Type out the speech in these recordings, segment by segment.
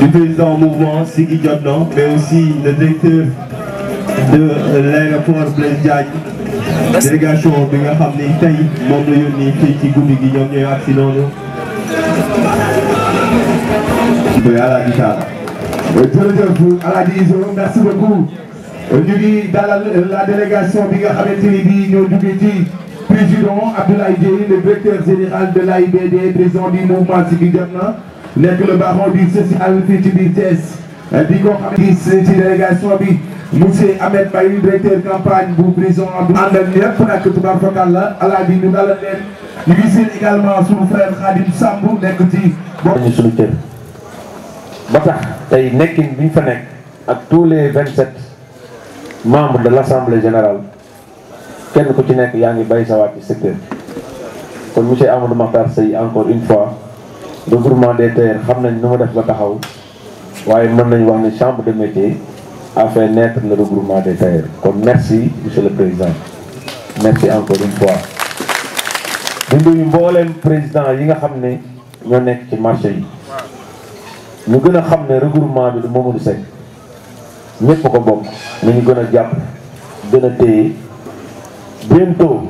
Du président Mouvement, mouvement, Sigi Diodno, mais aussi le directeur de l'aéroport Blaise Diagne. Délégation de la femme des pays, membre de l'Union, qui est un petit coup de accident. Tu peux aller à la guitare. Je le dis à la division, merci beaucoup. Je dis dans la délégation de la femme des pays, nous avons président Abdoulaye Dièye le directeur général de l'AIBD président du mouvement Siggi Jotna nekk le baron du social fii ci biir Thiès euh, di ko xam ci délégation bi monsieur Ahmed Baye directeur campagne pour président Abdoulaye àndal ñëpp nag tubaarkalla alaaji ñu dalal leen ñu ngi également son frère Khadim Samb nekk ci boñu suñu ba tax tey nekkin bi fa ak tous les 27 membres de l'assemblée générale kenn ku ci nekk yaa ngi bàyyi sa waat ci secteur kon monsieur Amadou Makhtar Seye encore une fois regroupement des terres xam nañ nu ma def ba taxaw waaye mën nañu wax ne chambre de métier a fait naître le regroupement des terres kon merci monsieur le président merci encore une fois di nuyu président yi nga xam ne ñoo nekk ci marché yi ñu gën a xam ne regroupement bi du Mamadou Seck ñëpp ko bokk nañu gën a jàpp gën a téye bientôt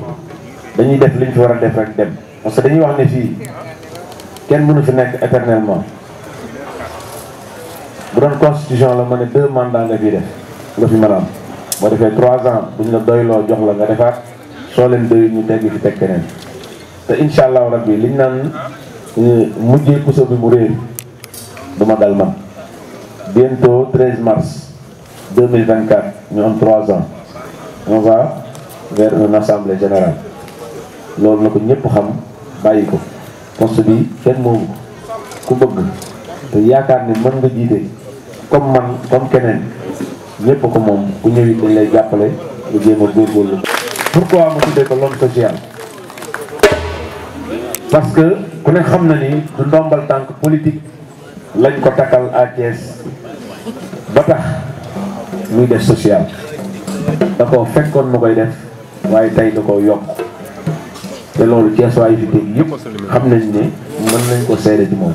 dañuy def liñ fi war a def rek dem parce que dañuy wax ne fii kenn mënu fi nekk éternellement bu doon constitution la ma ne deux mandats nga fi def nga fi mën a am boo defee trois ans buñ la doyloo jox la nga defaat soo leen doyu ñu tegg fi teg keneen te incha allahu rabbi liñ naan eh, mujjee puso bi mu réer du ma dal man bientôt 13 mars 2024 ñu am trois ans on va vers une assemblée loolu na ko ñëpp xam bàyyi ko poste bi ku bëgg yaakaar ni mën nga jiite comme man comme keneen ñëpp ko moom ku ñëwit dañ lay jàppale lu jéem a góorgóorlu pourquoi ko l'homme parce que ku ne xam na ni du ndombal tànk politique lañ ko takkal à Thiès ba tax muy def social da ko fekkoon mu koy def waaye tey da ko yokk te loolu Cees waayu fi dégg yëpp xam nañ ni mën nañ ko seede ci moom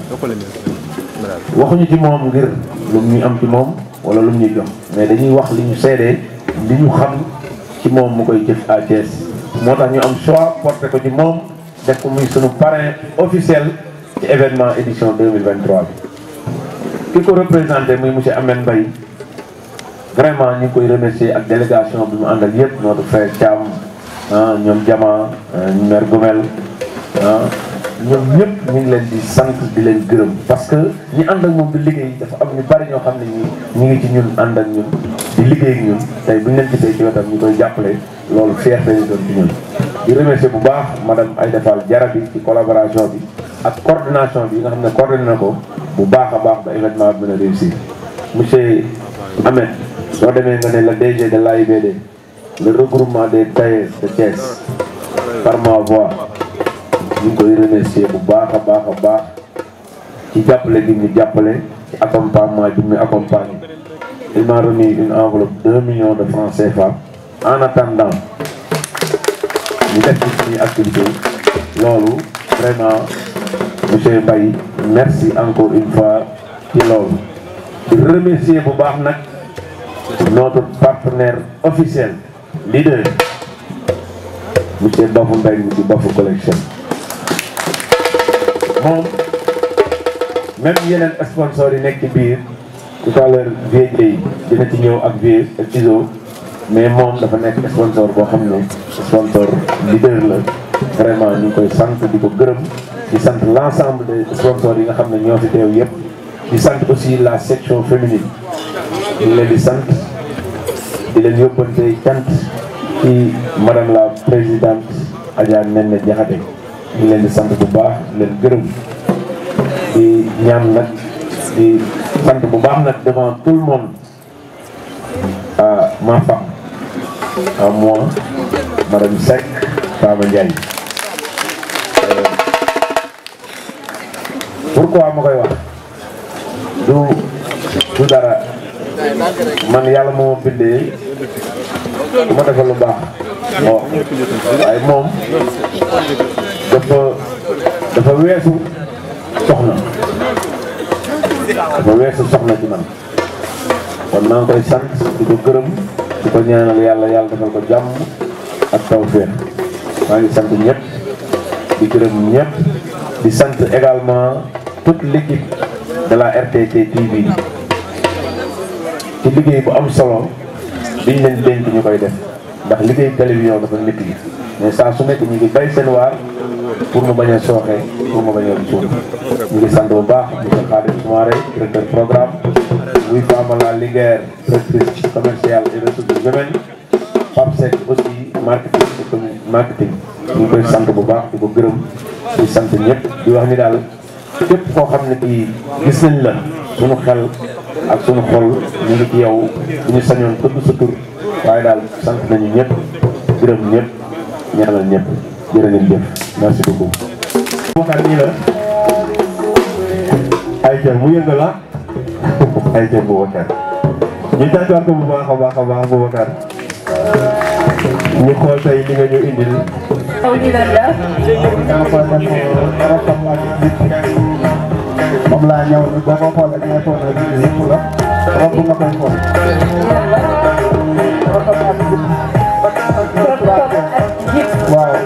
waxuñu ci moom ngir lu ñuy am ci moom wala lu ñuy jox mais dañuy wax li ñu seedee li ñu xam ci moom mu koy jëf à Thiès moo tax ñu am choix porté ko ci moom def ko muy sunu parrain officiel ci événement édition 2023 bi ki ko représenté muy monsieur Amène Mbaye vraiment ñu ngi koy remercier ak délégation bi mu àndal yëpp notre frère Thiam ah, ñoom Jama euh, maire Gomel ah, ñoom ñëpp ñu ngi leen di sant di leen gërëm parce que ñi ànd ak moom di liggéey dafa am ñu bari ñoo xam ne ñi ñu ngi ci ñun ànd ak ñun di liggéey ak tey bu ñu leen gisee koy jàppale loolu fierté lañu doon ci ñun di remercier bu baax madame ay Fall jarab yi ci collaboration bi ak coordination bi nga xam ne coordonné ko bu baax a baax ba événement bi mën a réussir monsieur Ahmed soo demee nga ne la DG de l'AIBD le regroupement des tailleurs de Thiès par ma voix ñu ngi koy remercier bu baax a baax a baax ci jàppale bi ñu jàppale ci accompagnement bi ñu accompagné il m'a remis une enveloppe deux millions de francs CFA en attendant ñu def ci suñuy activité loolu vraiment monsieur Mbaye merci encore une fois ci loolu remercier bu baax nag notre partenaire officiel, leader, monsieur Bafou Mbengue du Bafou Collection. moom même yeneen sponsors yi nekk ci biir tout à l'heure VJ dina ci ñëw ak VJ ak ISO mais moom dafa nekk sponsor koo xam ne sponsor leader la vraiment ñu ngi koy sant di ko gërëm di sant l'ensemble des sponsors yi nga xam ne ñoo fi teew yëpp di sant aussi la section féminine. di leen di sant di leen yóbbante ci madame la présidente Adja di di sant bu baax di leen di ñaan nag di sant bu baax nag devant tout le monde ma à moi madame pourquoi ma koy wax du du dara man yàlla moo bindee ma defal lu baax moo waaye dafa dafa weesu soxna dafa weesu soxna ci man kon maa koy sant di ko gërëm di ko ñaanal yàlla yàlla defal ko jàmm ak tawfeex maa sant di di sant également toute l'équipe de la RTT TV liggéey bu am solo biñ leen dénk ñu koy def ndax liggéey télévision dafa métti mais saa su nekk ñu ngi bay seen waar pour mu bañ a sooxee pour mu bañ a suuf ñu ngi sant bu baax monsieur Khadim Soumaré directeur programme muy Famala Linguère directrice commerciale et ressources humaines Pape Seck aussi marketing et marketing ñu ngi koy sant bu baax di ko gërëm di sant ñëpp di wax ni daal képp koo xam ne gis nañ la sunu xel ak sunu xol ñu ngi ci yow ñu sañoon tudd sa tur waaye daal sant nañu ñëpp gërëm ñëpp ñaanal ñëpp jëf merci beaucoup. nii la ay mu yëngal la ay jël bu wakkaat ñu jàjjuwaat ko bu baax a baax a baax bu wakkaat ñu xool tey li nga ñu indil. aw ñu la. moom laa ñëw ni boo ko xoolee da ngay foog ne bii yëpp la romb nga koy xool. waaw.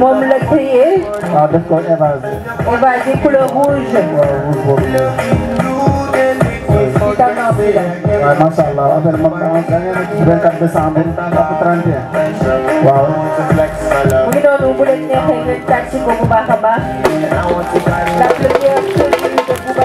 moom la trié. waaw daf koy évasé. évasé couleur rouge. waaw rouge boobu la. waaw macha allah affaire moom da ngeen 24 décembre ak 31. waaw. mu ngi doon bu leen neexee ngeen tàcc ko bu baax a baax.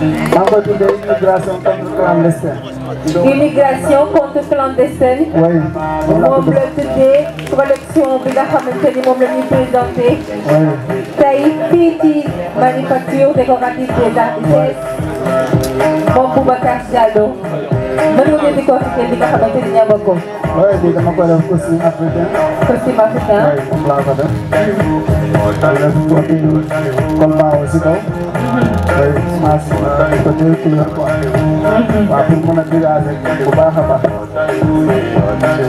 Number two, there is immigration contre clandestine. Immigration contre clandestine. Oui. moom de tuddee collection bi nga xamante ni de la ñuy présenté. oui. tey fii ci manufacture décorative des arts du Thiès. de Boubacar Diallo. mën nga di ko de li nga xamante ni ña nga ko. oui di dama ko def costume africain. costume africain. oui moom laa ko def. kon baaxoo si kaw. day semence dañ ko teel ci yor ko waaw pour mën a dégager bu baax a baax.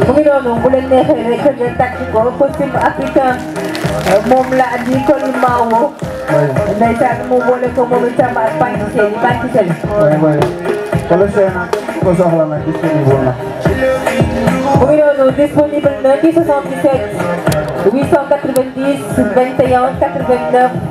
mu ngi noonu bu leen neexee rek ngeen tàcc ko costume africain moom la andi Coly Mawo. ndeysaan mu boole ko moom itam ak bànq seen bànq seen. waaye waaye wala seen ko soxla nag disponible na. mu ngi noonu disponible na ci 77 890 21 89.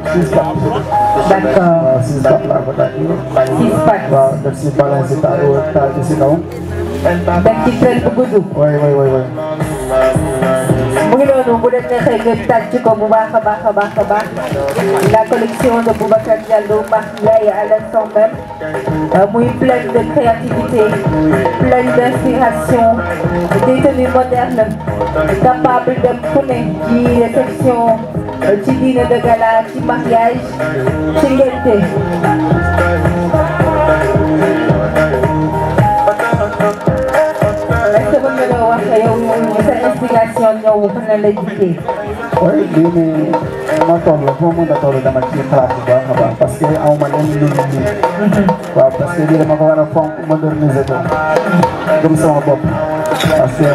sisbat dan ke sisbat sisbat dari sisbat yang kita tahu tak disini dan kita berbudu woi woi woi Nous voulons faire un comme la collection de Boubacar Diallo Marseille à l'instant euh, pleine de créativité pleine d'inspiration des tenues modernes capables de connaître les sections, euh, divines lignes de gala du mariage la ngénte oi, na laike oui bine ma tolo ko mo da tolo da ma ci classe ba ba parce que aw ma len ni tá? ni ba parce que uma ma ko wara fonk moderniser ko gëm sama passei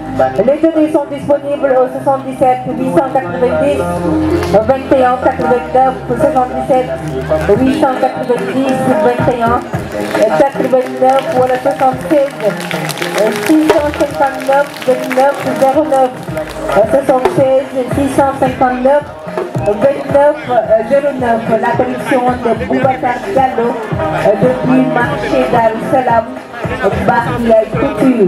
Les données sont disponibles au 77 890 21 89 77 890 21 89 ou 76 659 29 09 76 659 29 09 la collection de Boubacar Gallo euh, depuis marché d'Al-Salam, euh, la Couture.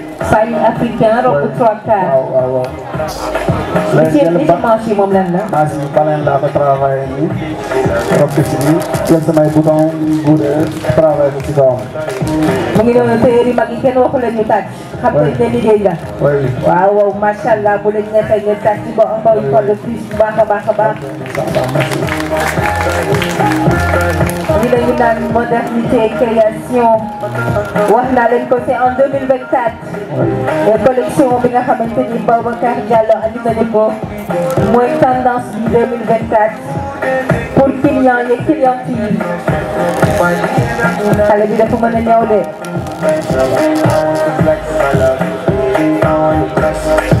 saayu africain robe trois quarts. waaw waaw waaw. léegi jël semence yi moom lan la. semence yi beneen laa ko travaillé nii. robe bi si nii jël samay bouton buudee travaillé ko ci kawam. mu ngi doon tëyeer yi mag yi kenn waxu leen ñu tàcc. xam nga ne liggéey la. waaw waaw macha allah bu leen neexee ngeen tàcc ba am ba lu toll plus bu baax a baax a baax. bi la ñu naan modernité création wax naa leen ko c'est en 2024 collection bi nga xamante ni Babacar Diallo à na ne pour moins tendance bi 2024 pour clients yi clientes yi xale bi dafa mën a ñëw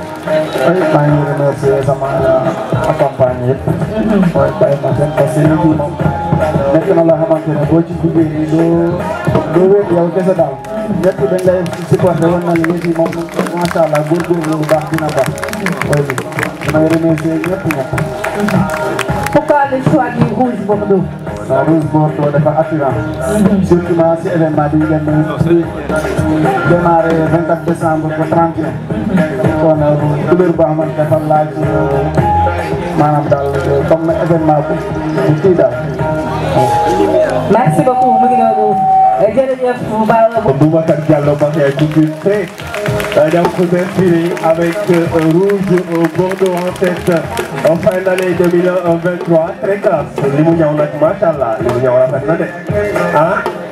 baik-baik masih sama apa banyak baik-baik masih kasih ibu Lekin Allah makin boci kubi itu duit ya oke sedang jadi benda yang sifat dewan malam ini mau masalah gurgur lubang tinabah Oke, mayri mesejnya punya Pokale swagi Rouge Bordeaux. La Rouge Bordeaux dafa attirant. Surtout ma si événement bi ngeen démarré 24 décembre nekkoon couleur boo xamante dafa laaj maanaam daal comme événement bu bu kii daal. merci beaucoup mu ngi noonu jërëjëf Mbarré. Boubacar Diallo Bakhay tout de suite. Donc vous inspirez avec euh, Rouge Bordeaux en tête en fin d'année 2023 très classe li mu ñëw nag macha allah li mu ñëw rafet na de ah.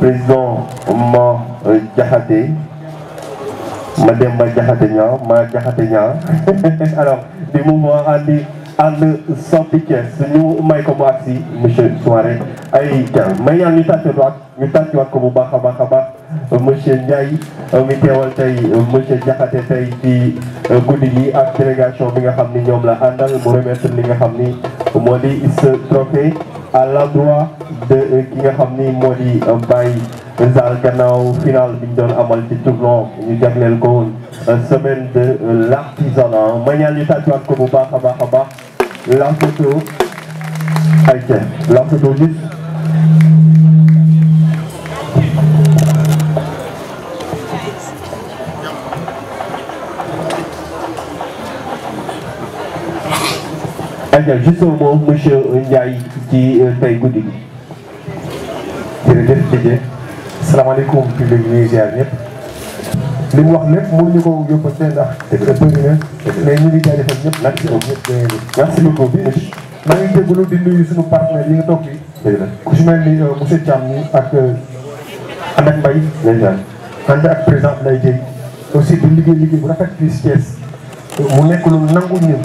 président ma jaxate euh, ma dem ma jaxate ñaa ma jaxate ñaa alors du mo andi and sorti Thiès ñu may ko mu agsi monsieur Souare ay jàng may ñaan ñu tàccewaat ñu tàccewaat ko bu baax a ba a baax monsieur Ndiaye euh, mi téwal tay euh, monsieur Diakhaté tay ci goudi gi ak délégation bi nga xamni ñom la andal bu remettre li nga xamni modi ce trophée à l'endroit de qui euh, nga ramené ni un bail Baye Zal gannaaw final bi doon amal ci Toulon ñu jagleel ko euh, semaine de euh, l'artisanat Moi ñaan ñu tàccuwaat ko bu baax a baax a baax la photo la photo juste aja juste moom monsieur Ndiaye ci euh, tey guddi gi jërëjëf Didier salaamaaleykum public ñuy ziar ñëpp li mu wax lépp mënuñu ko yóbbante ndax dëgg la bëri na mais ñu ngi jaajëfal ñëpp merci beaucoup merci beaucoup bi maa ngi di nuyu suñu partenaire yi nga toog bi dëgg la ku si mel ni euh, monsieur Thiam ñi ak euh, ànd ak Mbaye dèjà ànd ak président Abdoulaye Dièye aussi di liggéey liggéey bu rafet fii si mu nekk lu nangu ñun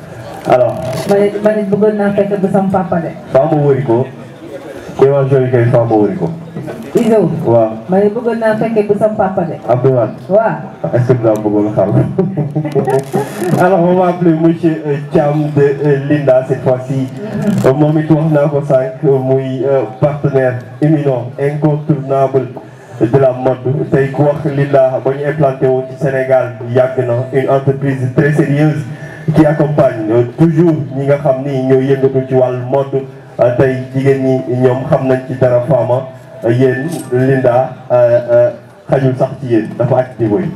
alors. ma ne ma ne bëggoon naa fekk ba sama papa de. Samba wëri ko. kuy wax kay Samba wëri ko. Izo. waaw ma ne bëggoon naa fekk ba sama papa de. Abdou Wade. waaw. Ah, est-ce que xam. alors on va appeler monsieur Cham euh, de euh, Linda cette fois-ci. Mhm. Euh, on it wax naa cinq, sànq partenaire éminent incontournable. de la mode tey ku wax Linda ba ñu implanté woon ci Sénégal yàgg na une entreprise très sérieuse qui accompagne euh, toujours ñi nga xam ni ñooy yëngatu ci wàllu mode euh, tey jigéen ñi ñoom xam nañ ci dara Fama euh, yéen Linda xajul sax ci yéen dafa ak niveau yi.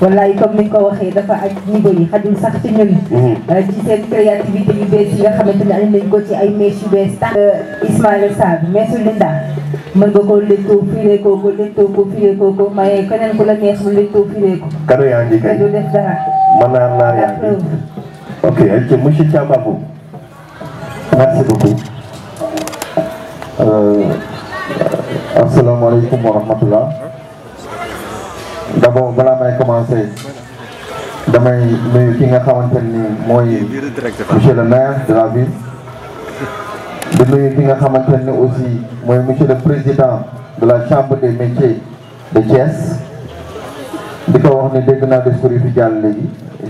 wallaay comme ni nga ko waxee dafa ak niveau yi xajul sax ci ñun. Mhm. ci seen créativité yu bees yi nga xamante ne nañ ko ci ay mèches yu bees tax. Ismaïla Sarr meesu Linda mën nga koo léttoo firee ko ko léttoo ko firee ko ko maye keneen ku la neex mu léttoo firee ko. kado yaa ngi kay du def dara. naa naa yaa Ok, ok, monsieur Merci beaucoup. Euh, assalamu alaikum wa D'abord, voilà, mais commencer. monsieur le maire de la ville Je aussi monsieur le président de la chambre des métiers de Thiès je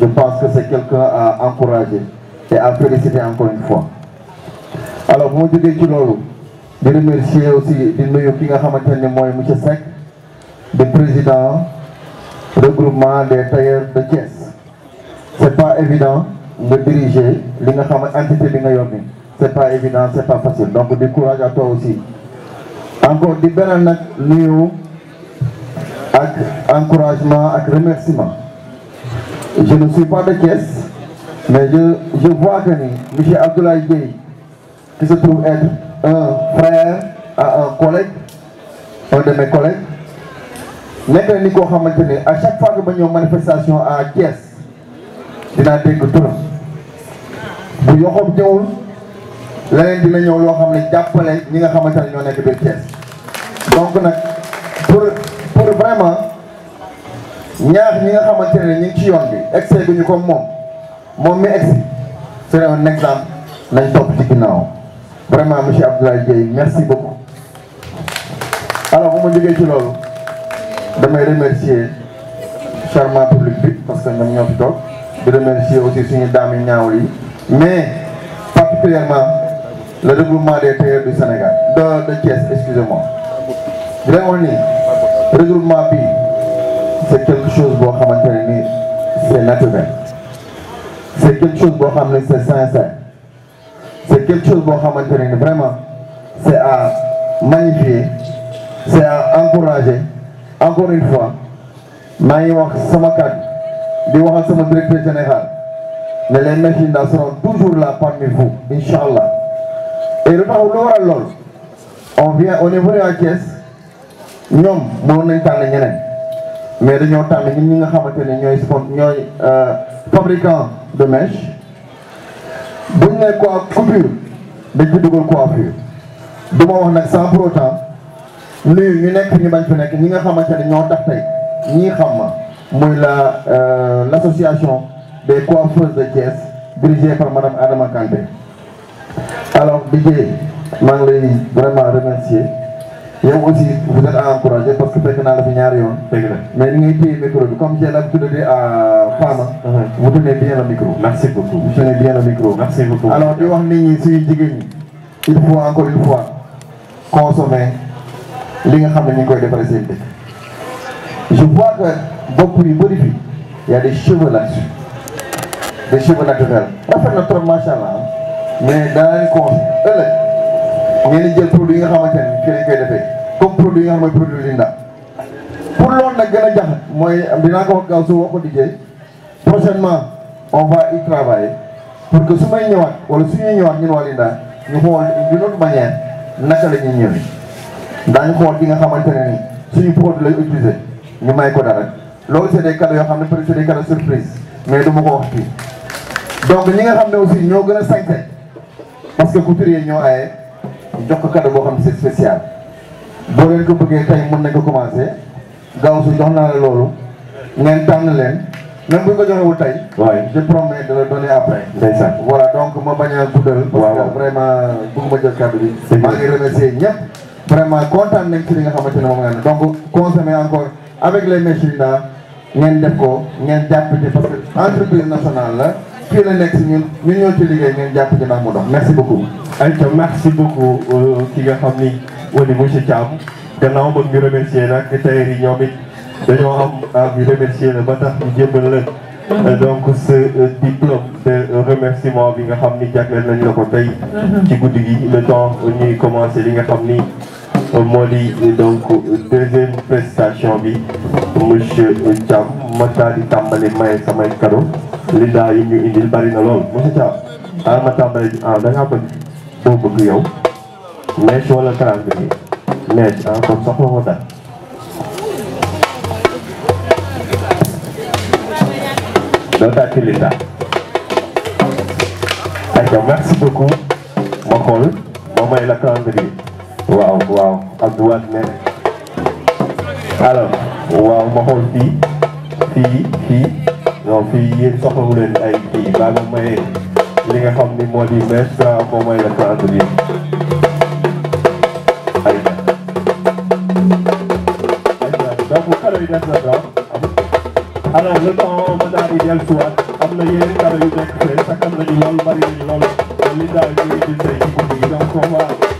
pense que c'est quelqu'un à encourager et à féliciter encore une fois alors moi je ci remercier aussi les présidents, ki nga xamante des tailleurs de Thiès n'est pas évident de diriger l'entité de Ce bi pas évident c'est pas facile donc du courage à toi aussi encore di beneen ak encouragement ak remerciement je ne suis pas de caisse mais je vois que M. Abdoulaye qui se trouve être un frère un collègue un de mes collègues n'est à chaque fois que avons une manifestation à Thiès dinaa dégg qui bu yoxob ñëwul dina donc vraiment ñaax ñi nga xamante ne ñu ngi ci yoon bi excès bi ñu ko moom moom mi excès c'est un exemple nañ topp ci ginnaaw vraiment monsieur Abdoulaye Dieye merci beaucoup alors bu ma jógee ci loolu damay remercier charmant public bi parce que ñoom ñoo fi toog di remercier aussi suñu daami ñaaw yi mais particulièrement le regroupement des tailleurs du Sénégal de de Thiès excusez-moi vraiment nii ma vie, c'est quelque chose qui est c'est naturel c'est quelque chose qui est c'est sincère c'est quelque chose qui est vraiment c'est à magnifier c'est à encourager encore une fois je directeur général les machines seront toujours là parmi vous Inch'Allah. et le où on vient on est venu à caisse. ñoom moom nañ tànn ñeneen mais dañoo tànn ñun nga xamante ne ñooy euh, fabricant de mèche buñ ne quoi coupure dañ ci dugal coiffure du wax nag sans pour autant ñu nekk ñu bañ fi nekk ñi nga xamante ne ñoo tax tey ñii xam ma muy la euh, l' association des coiffeuses de Thiès dirigée par madame Adama Kanté alors Didier maa ngi lay vraiment remercier yow aussi vous êtes encouragé parce que fekk naa la fi ñaari yoon. dëgg la mais ni ngay téye micro bi comme j'ai l'habitude à Fama. Uh-huh. vous tenez bien le micro. merci beaucoup vous tenez bien le micro. merci beaucoup alors di wax nit ñi suñu jigéen ñi. il faut encore une fois consommer li nga xam ne ñu ngi koy defaree je vois que bopp yu bëri fi y a des cheveux là-dessus des cheveux naturels rafet na trop macha allah mais daa leen conseillé ëllëg. ngeen di jël produit yi nga xamante ne kii lañ koy defee comme produit nga xam mooy produit Linda pour lool nag gën a jax mooy dinaa ko wax gaaw su wax ko liggéey prochainement on va y travailler pour que su may wala su ñuy ñëwaat ñun waa Linda ñu xool d'une autre manière naka la ñuy ñëwee daañu xool bi nga xamante ne ni suñu produit lay utiliser ñu may ko dara loolu c'est des cadeaux xam ne peut-être c'est des mais du ma ko wax fii donc ñi nga xam ne aussi ñoo gën a sañte parce que couturier ñoo aye jox ko cadeau boo xam ne c'est spécial boo leen ko bëggee tey mën nañ ko commencé gaaw su jox naa la loolu ngeen tànn leen même bu ñu ko joxewul tey. waaye je promets de le donner après. ndeysaan voilà donc ma bañ a guddal. waaw parce que vraiment bëgguma jël kàddu bi. c'est maa ngi remercier ñëpp. vraiment kontaan nañ ci li nga xamante ne moom nga ne donc consommer encore avec les machines là ngeen def ko ngeen jàpp ci parce que entreprise nationale la. fii la nekk si ñun ñun ci liggéey ngeen jàpp ci ndax mu dox merci beaucoup. ayca merci beaucoup euh, ki nga xam ni wala monsieur Thiam gannaaw ba bi remercier nag tailleur yi ñoom it dañoo am ah ñu remercier la ba tax ñu jébbal leen. Euh, donc ce euh, diplôme de remerciement bi nga xam ni jagleel nañ la ko tey. Mm-hmm. ci guddi gi le temps ñuy commencé li nga xam ni. moli donc deuxième prestation bi monsieur Thiam ma daal di tàmbali maye samay cadeau linda daa yi ñu indil bari na lool monsieur Thiam ah ma tàmbali ah da ngaa bëgg boo bëgg yow mèche wala cran ah kon soxla ko dal doo tàcc li tax ayca merci beaucoup ma xool ma may la calendrier waaw waaw a Wade ne alors waaw ma xool fii fii fii non fii yéen soxlawu leen ay fii baa nga may li nga xam ni moo di mees daa moo la ko entre yéen ay donc kado yi def na doon alors le temps ma daal di dellu suwaat am na a kado yu nekk fee sax am nañu lool bari nañu lool li daal di indi tey ci guddi donc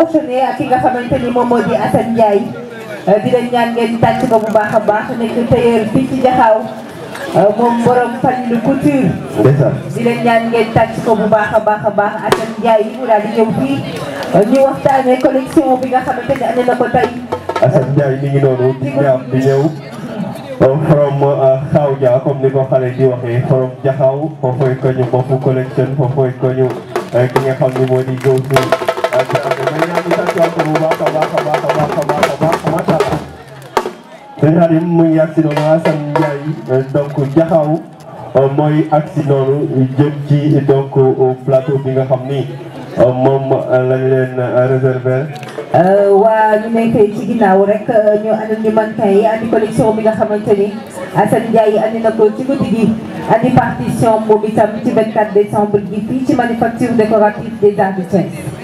ordonné ak ki nga xamante ni moom moo di Assane Ndiaye eh, di leen ñaan ngeen tàcc ko bu baax a baax nekk tailleur fii ci eh, moom borom Falilou Couture di leen ñaan ngeen tàcc ko bu baax a baax a baax Assane Ndiaye mu daal di ñëw fii eh, ñu waxtaanee collection bi nga xamante ne andi na ko tey Assane Ndiaye mi ngi noonu di ñaam di ñëw from Khawdia comme ni ko xale di waxee from Jaxaaw foofu koñu boppu collection foofu koñu ki nga xam ni moo di góor ak gaskiya tsaro ba ka ba ka ba ka ba ka ba ka ba ka mata dañ xam ne muy accident ma Assane Ndiaye donc jaxaw mooy accident jëm ci donc plateau bi nga xam ni moom lañ leen réserver waa ñu nekkee ci ginnaaw rek ñu andi ñu mannequin yi andi collection bi nga xamante ni Assane Ndiaye andi na ko ci guddi gi andi partition boobu itam ci 24 décembre gi fii ci manufacture décorative des arts du Thiès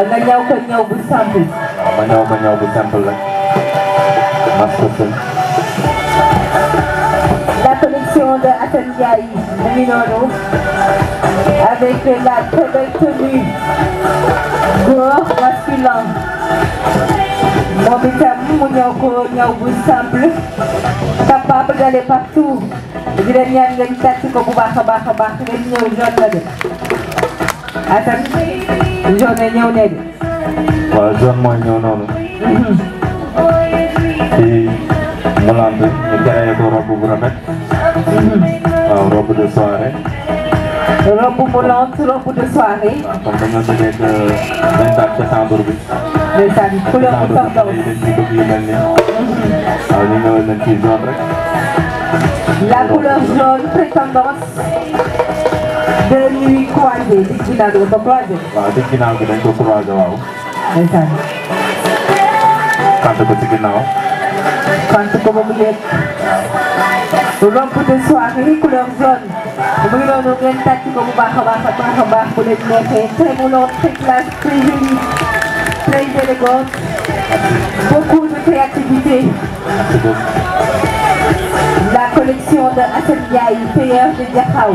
nga ñëw ko ñëw bu simple. waaw ma ñëw ma ñëw bu simple la. macha la collection de Assane Ndiaye mu ngi noonu avec la très belle tenue góor masculin moom itam mu ñëw ko ñëw bu simple capable d'aller partout di leen ñaan ngeen tàcc ko bu baax a baax a baax ngeen ñëw jot la de. attaque zone ñëw léegi. waaw zone mooy ñëw noonu. ci Moulanté ñu créé ko robe bu rafet. waaw robe de soirée. robe moulante robe de soirée. waaw comme dañoo déggee que vingt quatre décembre bi. vingt quatre couleur bu sax daw. yu mel nii. waaw ñu ñëwal leen ci zone rek. la couleur jaune prétendance. dañuy croisé di ginnaaw bi dafa croisé. waaw di ginnaaw bi dañ ko croisé waaw. ndeysaan. kante ko ci ginnaaw. kante ko ba mu nekk. waaw. romb de soirée couleur jaune. mu ngi noonu ngeen tàcc ko bu baax a baax a baax a baax bu leen neexee très moulant très classe très joli très élégant beaucoup de créativité. la collection de Assane Ndiaye payeur de Diakhao.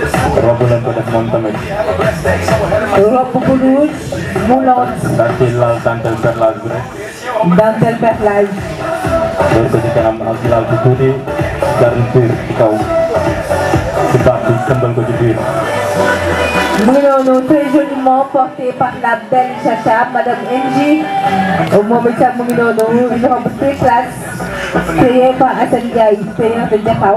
ربنا كدفنان تمت رب قدوس مولان دانتل لال دانتل برلال بري دانتل برلال Lalu ketika nama Al-Hilal Bukuri dari bir kau sebab di sembel jadi jubir. Nous nous très portés par la Angie, au moment où nous une robe très classe, créée par Hassan Gaï, créée de Dakar,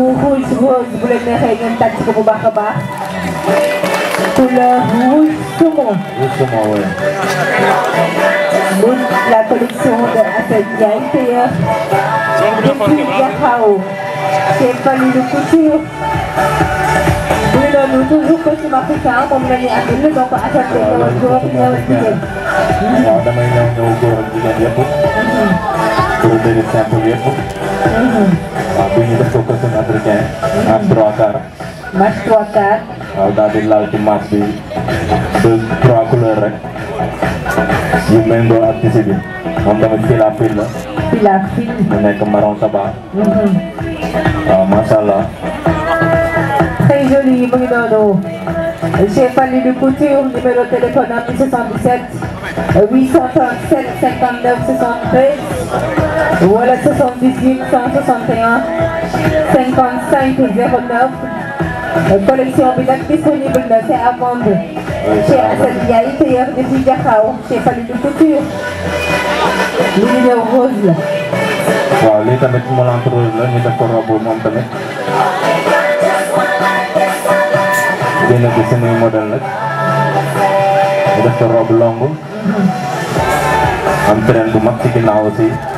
rose bu leen neexee ngeen tàcc ko bu baax a baax. couleur rouge saumon. rouge saumon oui. muy la collection de Assane Ndiaye tailleur. depuis Diakhao. c'est Falilou Couture. muy noonu toujours costume africain moom la ñuy andil donc Assane day ñëwal góor ñëwal jigéen. waaw damay ñëw ñëw góor ak jigéen yëpp. Mhm. pour benn simple yëpp. Mhm. ini bersyukur dengan berkah. Mas Troakar. Mas Troakar. Aldatin laut mas di Troakuler. Yumendo artis ini. Onda Pilafil Filafil. Menek kemarau sabah. Masalah. Très joli, Bruno. J'ai parlé de couture, numéro set, téléphone 77 837 wala 78 161 55 09 collection bi nag disponible na c'est à vendre chez Assane Ndiaye tailleur depuis Diakhao chez Falidou Couture li ñu ñëw rose la. waaw lii tamit molante rose la ñu def ko robe moom tamit. génn bi suñuy modèle nag ñu def ko robe longue. am train bu mag ci ginnaaw aussi.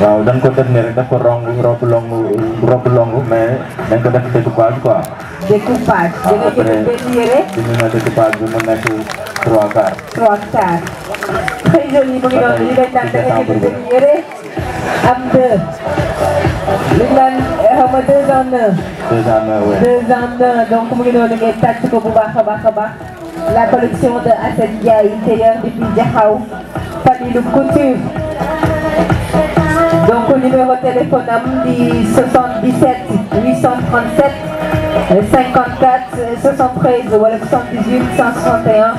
waaw dañ ko def ne rek dafa rong robe long robe long mais dañ ko Jadi découpage quoi découpage da nga jël benn yére dina na découpage bi mu nekk trois quarts trois quarts très joli mu ngi doon li dañ naan da nga jël benn yére am deux li la collection de intérieur Couture Donc au numéro de téléphone à 77 837 54 73 ou 78 161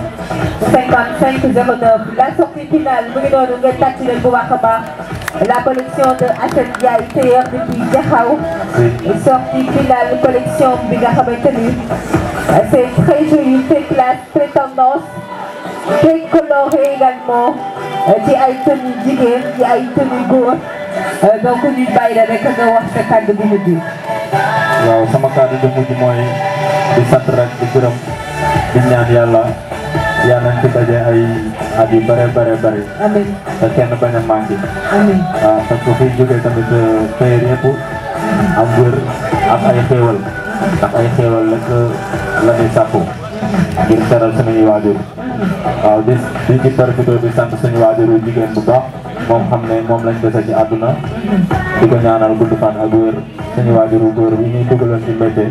55 09. La sortie finale, nous venons Tati de la collection de HNDI TR depuis Yahao. Sortie finale, collection Bigakaba Tenu. C'est très joli, très classe, très tendance, très coloré également. Qui a été qui a bokku nit bàyyi la rek nga wax sa bu waaw sama kàddu bu mujj mooy di sant rek di gërëm di ñaan yàlla yàlla nañ ci ay bare bare bare amiin te kenn bañ a manqué amiin waaw parce que fiy tamit xëyër yëpp am wér ak ay xéewal ndax ay xéewal rek la ñuy sàkku ngir teral suñuy waajur waaw di di ci di sant yu bu baax moom xam ne moom lañ dese ci àdduna di ko ñaanal gudd fan ak wér suñu waajuru góor bi ñuy dugaloon ci mbéyte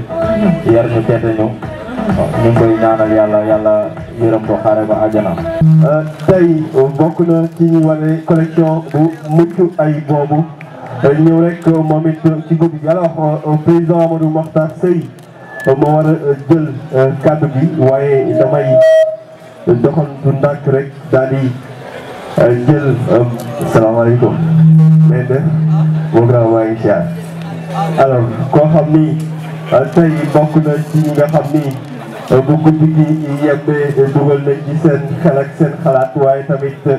yar ñu teete ñu ñu ngi koy ñaanal yàlla yàlla yërëm ko xaare ba àjjana euh, tey euh, bokk na ci ñu collection bu ay boobu euh, ñëw rek moom it ci guddi gi alors président Amadou Mokhtar Seye moo war a jël kaddu bi waaye damay doxantu ndànk rek daal jël um, salaamaaleykum mais de boo gra maa ngi siyaar alors ni ah, tey bokk na ci ñi nga xam ni ah, bu guddi gi yebbe eh, dugal nañ ci seen xel ak seen xalaat waaye tamit eh,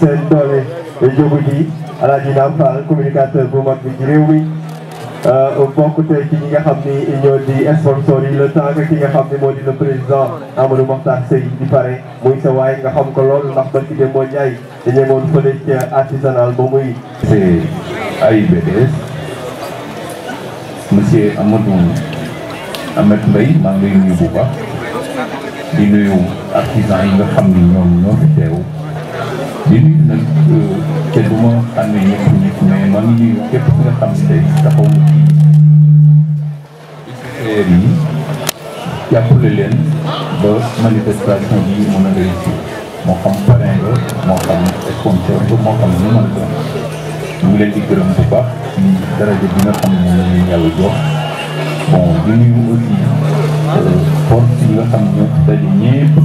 seen doole eh, jógu ji Alaaji Naam Fall communicateur bu mag bi Euh, bokk tey ci ñi nga xam ni ñoo di sponsor yi le temps que ki nga xam ni moo di le président Amadou Mokhtar Seye di pare muy sa waay nga xam ko lool ndax ba ci dem moo jaay dañu moon fële ci artisanal ba muy c'est AIBDS monsieur Amadou Ahmed Mbaye maa ngi lay bu baax di artisan yi nga xam ni ñoom ñoo fi di nuyu nag te euh, du ma tànn ñëpp ñëpp mais maa ngi nuyu képp ki nga xam ne tey taxaw na ci UCR yi jàppale leen ba manifestation bi mën a réussir moo xam parrain la moo xam sponsor moo xam lu mën doon ñu ngi leen di gërëm bu baax ci daraja bi nga xam ne moom la yàlla jox bon di nuyu aussi euh, force yi nga xam ne ñoo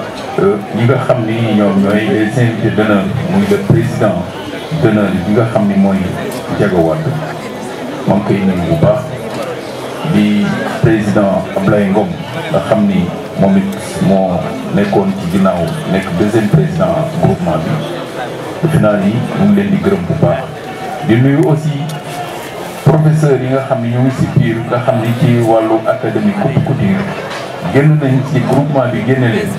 Euh, ñi nga xam ni ñoom ñooy les invités d'honneur muy le président d'honneur yi nga xam ni mooy Diaga Wade maa ngi koy nuyu bu baax di président Ablaye Ngom nga xam ni moom it moo nekkoon ci ginnaaw nekk deuxième président groupement bi au final yi mu leen di gërëm bu baax di nuyu aussi professeurs yi nga xam ni ñu ngi si biir nga xam ni ci wàllu académie coupe couture génn nañ ci groupement bi génne leen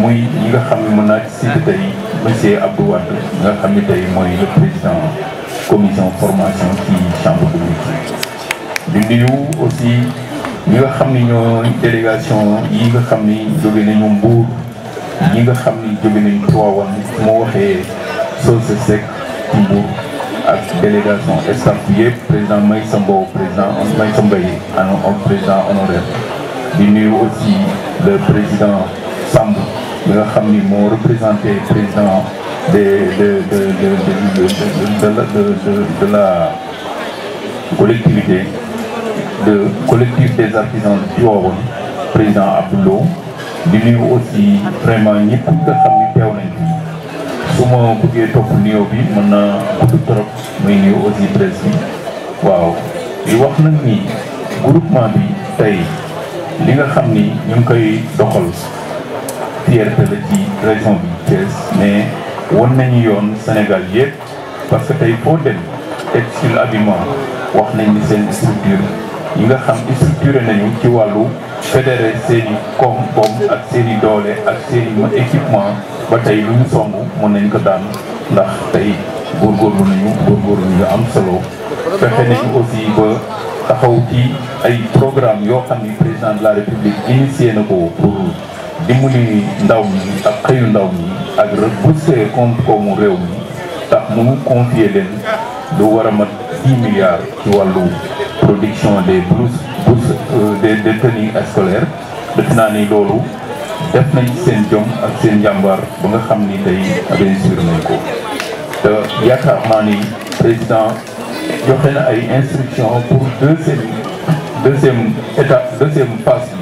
muy ñi nga xam ne mën naa cité tey monsieur Abdou Wade nga xam ne tey mooy le président commission formation ci chambre de métier di nuyu aussi ñi nga xam ni ñooy délégation yi nga xam ni jóge nañu Mbour ñi nga xam ni jóge nañu Tivaouane moo waxee Socé Seck ci Mbour ak délégation staff yëpp président Maysa Mbow président Maysa Mbaye an président honoraire di nuyu aussi le président Samb bi nga xam ni moo représenté président de de de de de la collectivité de collectif des artisans du Tivaouane président Abdoulo di nuyu aussi vraiment ñëpp nga xam ni teew nañ su ma bëggee topp nuyoo bi mën na gudd trop muy nuyu aussi presse bi waaw li wax nag ni groupement bi tey li nga xam ni ñu koy doxal fierté la ci région bi Thiès mais won nañu yoon Sénégal yëpp parce que tey foo dem textile habillement wax nañ ni seen structure yi nga xam structuré nañu ci wàllu fédéré seen i koom ak seen i doole ak seen i équipement ba tey lu ñu somb mën nañ ko daan ndax tey góorgóorlu nañu góorgóorlu nañu am solo fexe nañu aussi ba taxaw ci ay programme yoo xam ni président de la république initié na ko pour dimbali ndawmi ak xeyu ndawmi ak reboussé compte comme réew mi tax mu confier len lu wara a mat dix milliards ci wàllu production des bourses bourses euh, des des tenues scolaires def naa ni loolu def nañ seen jom ak sen jambar ba nga xamni tay tey réussir nañ ko te yaakaar naa ni président joxe na ay instructions pour deuxième deuxième étape deuxième phase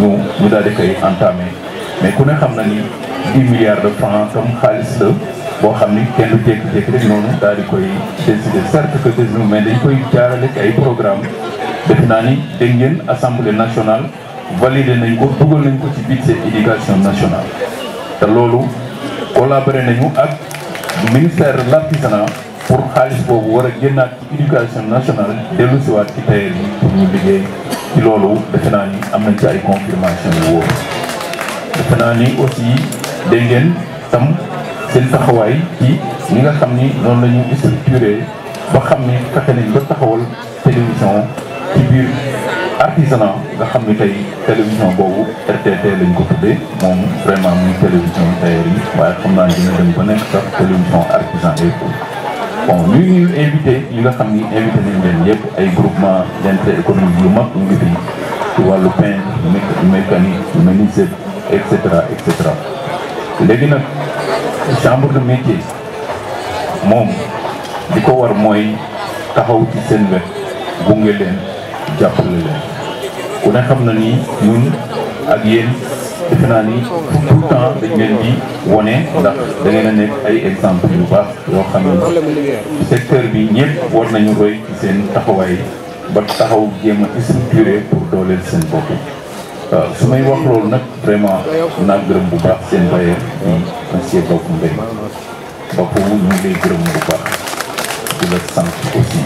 ñu ñu daal di koy entamé mais ku ne xam na ni 10 milliards de francs comme xaalis la boo xam ni kenn du jékki-jékki noonu daal di koy décidé certes que décidé mais dañ koy jaarale ci ay programme defe naa ni dégg ngeen assemblée nationale validé nañ ko dugal nañ ko ci biir seen éducation nationale. te loolu collaboré nañu ak ministère de l'artisanat pour xaalis boobu wara a génnaat ci éducation nationale dellu siwaat ci tailleur yi pour ñu liggéey. ci loolu defe naa ni am nañ ci ay confirmation yu wóor defe naa ni aussi dégg ngeen tam seen taxawaay ci ñi nga xam ni noonu la ñu structuré ba xam ni fexe nañ ba taxawal télévision ci biir artisanat nga xam ni tey télévision boobu RTT lañ ko tuddee moom vraiment muy télévision tailleur waaye xam naa dina dem ba nekk sax télévision artisan et bon ñu ngi invité ñi nga xam ni invité nañ leen yëpp ay groupement d'intérêt économique yu mag ñu ngi ci wàllu peintre mécanique menuisier et cetera et cetera léegi nag chambre de métier moom li ko war mooy taxaw ci seen wet gunge leen jàppale leen ku ne xam na ni ñun ak yéen defe naa ni tout temps dañ leen di wone ndax da ngeen nekk ay exemple yu baax yoo xam ne secteur bi ñëpp war nañu roy ci seen taxawaay ba taxaw jéem a structuré pour dooleel seen bopp waaw euh, su may wax loolu nag vraiment naa gërëm bu baax seen bailleur di monsieur Bakhoum Mbengue Bakhoum ñu ngi lay gërëm bu baax di la sant aussi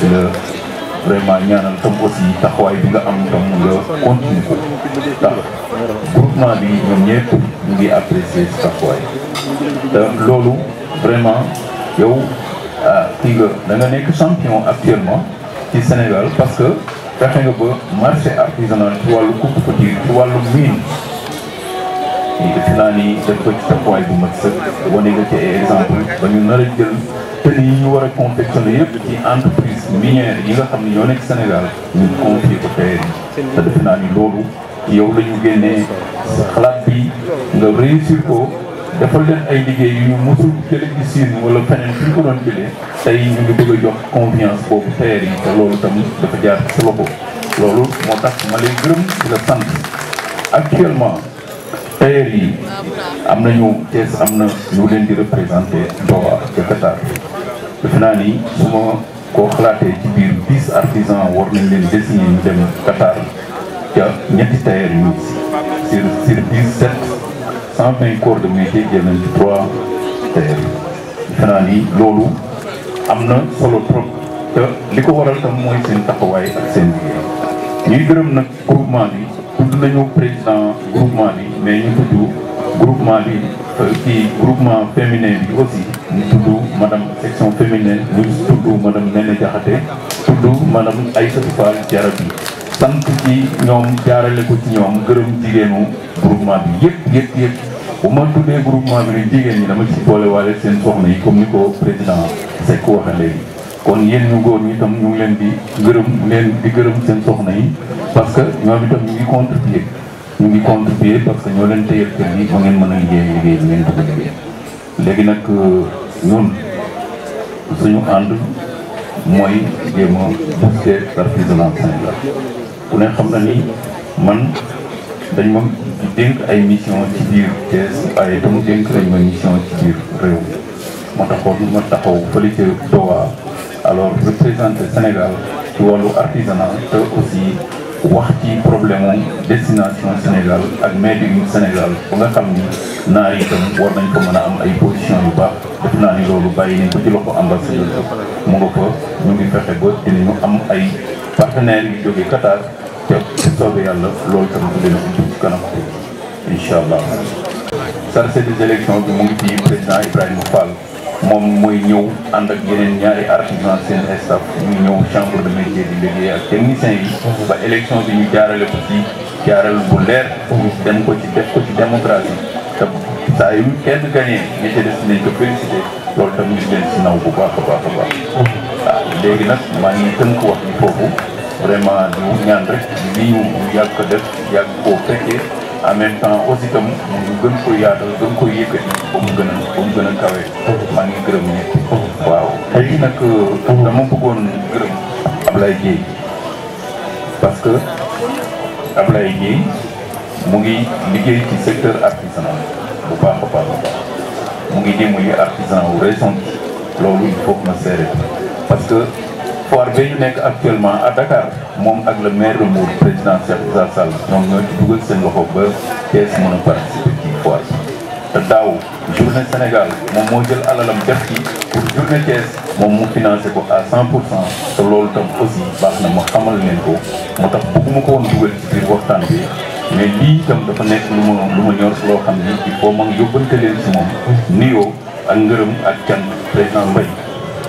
di la vraiment ñaanal tam aussi taxawaay bi nga am tam nga continue ko ndax groupement bi ñoom ñëpp ñu ngi apprécier sa taxawaay te loolu vraiment yow ah, kii nga nekk champion actuellement ci Sénégal parce que fexe nga ba marché artisanal ci wàllu coupe couture ci wàllu mine You can only def ko ci sa poids bu mag sax wane nga ci exemple ba ñu nar a jël te a confectionné yëpp ci entreprise minière yi nga xam ne ñoo nekk Sénégal ñu confié ko tey te defe naa ni loolu yow la ñu génnee que xalaat bi nga réussir ko defal leen ay liggéey yu ñu mosul jële ci siin wala feneen fi ñu ko doon jëlee tey ñu ngi bëgg a jox confiance boobu tailleur actuellement tailleur yi ah, am nañu Thiès am na ñu leen di représenté Doha ca Qatar defe naa ni su koo xalaatee ci biir dix artisans war nañ leen dessiner ñu dem Qatar ca ñetti tailleur yu sur sur corps de métier jël nañ ci trois tailleurs naa ni loolu am na solo trop te li ko waral tam mooy seen taxawaay ak seen liggéey ñuy gërëm nag groupement bi tudd nañu président groupement bi mais ñu tudd groupement bi ci groupement féminin bi aussi ñu tudd madame section féminine ñu tudd madame Nene Diakhaté tudd madame Aïssatou Fall Diarab bi sant ci ñoom jaarale ko ci ñoom gërëm jigéenu groupement bi yëpp yëpp yëpp bu ma tuddee groupement bi rek jigéen ñi dama ci boole waale seen soxna yi comme ni ko président Seck waxee léegi kon yéen ñu góor ñi tam ñu ngi leen di gërëm leen di gërëm seen soxna yi parce que ñoom itam ñu ngi contribuer ñu ngi contribuer parce que ñoo leen téyal kër yi ba ngeen mën a liggéey liggéey bi ngeen bëgg liggéey léegi nag euh, ñun suñu ànd mooy jéem a booster ku ne xam na ni man dañ ma dénk ay mission ci biir Thiès waaye dama dénk dañ ma mission ci biir réew ma taxoon ma taxaw fële ca alors représenté Sénégal ci wàllu artisanat te aussi wax ci problème destination Sénégal ak made in Sénégal ba nga xam ni naar itam war nañ ko mën a am ay position yu baax def naa ni loolu bàyyi nañ ko ci loxo ambassadeur bi mu nga fa ñu ngi fexe ba dinañu am ay partenaires yu jógee Qatar te su soobee yàlla loolu tam dina ko jëm kanam incha allah. chargé des élections bi mu ngi ci président Ibrahima Fall. moom mooy ñëw ànd ak yeneen ñaari artisan seen staff ñu ñëw chambre de métier di liggéey ak technicien yi ba élection bi ñu jaarale ko ci jaaral bu leer dem ko ci def ko ci démocratie te saa yu kenn gagné ña ca des nañ ko félicité loolu tam ñu leen si naw bu baax a baax a baax waaw léegi nag maa ngi tënk wax ni foofu vraiment du ñaan rek li ñu yàgg ko def yàgg koo fekkee en même temps aussi mu ñu gën ko yaatal gën ko yëkkati ba mu gën a ba mu gën a kawe maa ngi gërëm ñëpp waaw tey nag euh, dama bëggoon gërëm Ablaye Dieye parce que Ablaye Dieye mu ngi liggéey ci secteur artisanal bu baax a baax a baax mu ngi dimbali artisan wu raison loolu il faut ma seere parce que foire bi ñu nekk actuellement à Dakar moom ak le maire de Mbour président Cheikh Issa Sall ñoom ñoo ci dugal seen loxo ba Thiès mën a participer ci foire te daaw journée Sénégal moom moo jël alalam def ci pour journée Thiès moom mu financé ko à 100 pour cent te loolu tam aussi baax na ma xamal leen ko moo tax bëgguma ko woon dugal ci biir waxtaan bi mais lii itam dafa nekk lu ma lu ma ñor loo xam ni il faut ma yóbbante leen si moom nuyoo ak ngërëm ak can président Mbaye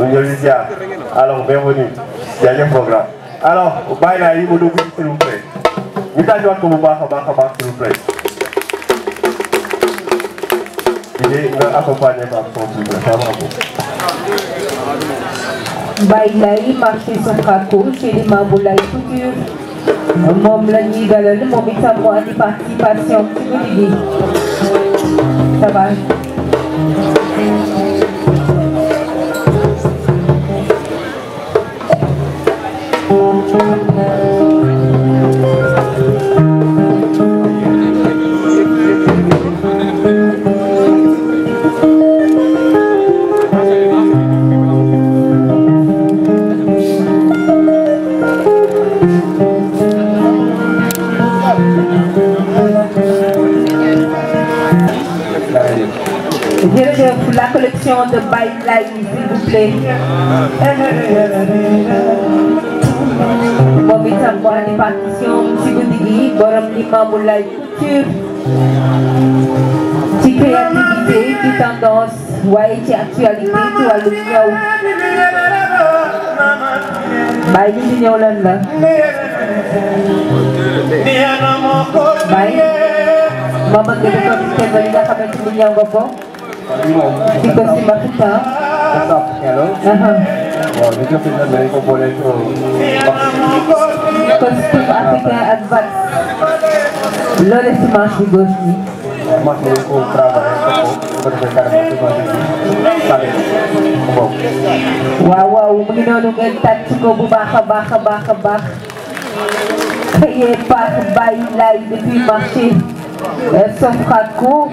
Ah, alors, bienvenue. C'est un programme. Alors, bye bye, vous nous s'il vous plaît. Nous allons vous accompagner, s'il vous plaît. Il est accompagné par son s'il vous plaît. Bailaï, marché sans Krako, chez les Maboulaï Couture. Mom la nuit d'Alan, mon métamorphose, participation, tu me dis. Ça va. on the bike lightning, s'il vous plaît. Pemirsa di partition Cikgu Tinggi Borem 5 mulai Cip Jika aktivité di si Baik ini nyau lah Baik Mama kita kau kita kami yang gopong dikasih makita. Tetap, hello? Aha. Oh, medyo pinadali ko po rin ito. Costume Africa Advance. Lore smash di Goshi. Mas may ko trabaho ko po. Pagkakarap ko po. Sabi ko. Wow, wow. Maginulugan. Tatsuko, bubaka, baka, baka, baka. Kaya pa, baylay, ito yung mashi. Sof ka ko.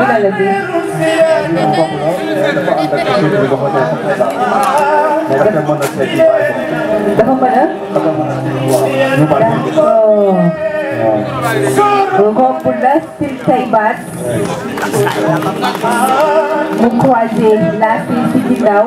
bu dalee bi moom bokk na dafa ànd ak kii bi ba tey sax sax mais dafa mën a seet ñu bàyyi ko. dafa mën a. dafa mën a waaw ñu bàyyi ko. waaw. donc bu la sil say baat. mu croisé la sil si ginnaaw.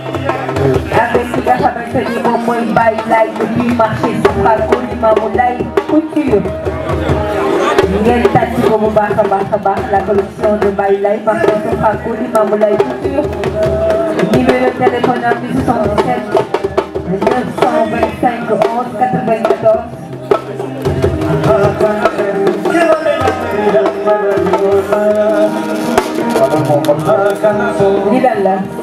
avec ce nga xamante ni moom mooy Mbaye Laye bi marché Soukar Koli Mamou Laye couture ngeen tàcc ko bu baax a baax a baax la collection de Mbaye Laye marché Soukar Koli Mamou Laye couture numéro téléphone am 925 11 94. lii lan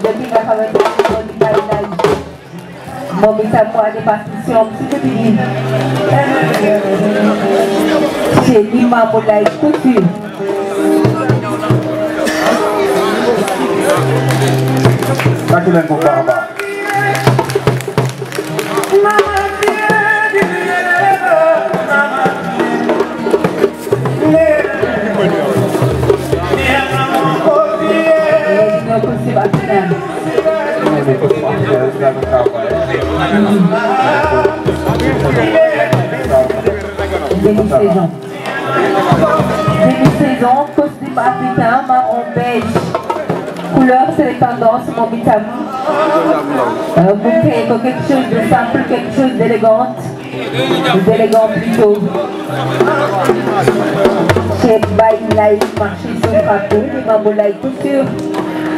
ba ki nga xamante ne moom itam daal moom itam yi chez Limamoulaye Couture. tàcc leen 2016 ans. costume africain, marron beige. Couleur, c'est les tendances, mon bitamou. vous créez quelque chose de simple, quelque chose d'élégante. D'élégant plutôt. Chez life, marché sur Frappé, les Mambolai, tout sûr.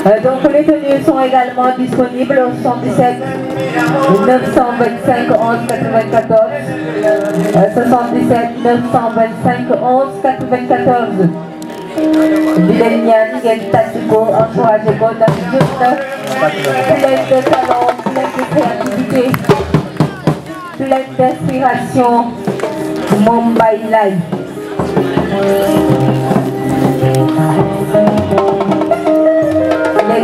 Euh, donc les tenues sont également disponibles au 77 925 11 94. 77 925 11 94. Villelignane, Tatico, encouragez bonne pleine de talent, pleine de créativité, pleine d'inspiration, Mumbai Life.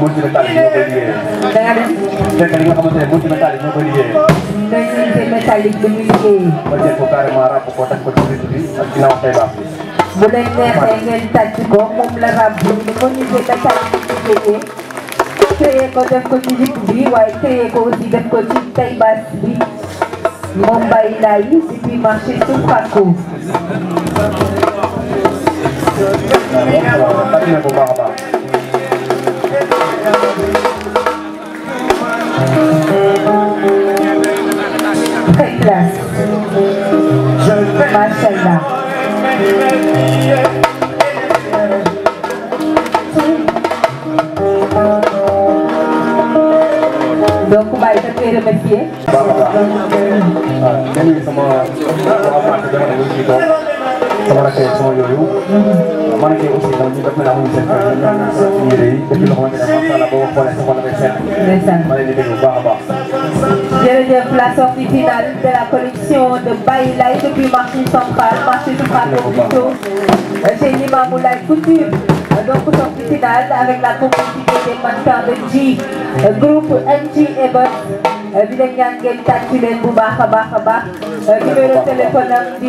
मुझ मेटालिटियों के लिए देखने को मुझे मुझ मेटालिटियों के लिए मुझे पुकार मारा पुकोटन को चुरी चुरी अच्छी नाव के बाप बुलेंगे पेंगेल तक गोम मुम लगा बुलेंगे को निजे मेटालिटियों के लिए से ये को जब को चीज भी वाई से ये को सीधन को चीज तय बस भी मुंबई लाई सिटी मार्केट तो काकू Je aussi de la collection de bail depuis marché Central, marché du chez ma Couture donc finale avec la complicité des mannequins de G euh, groupe MG euh, euh, téléphone du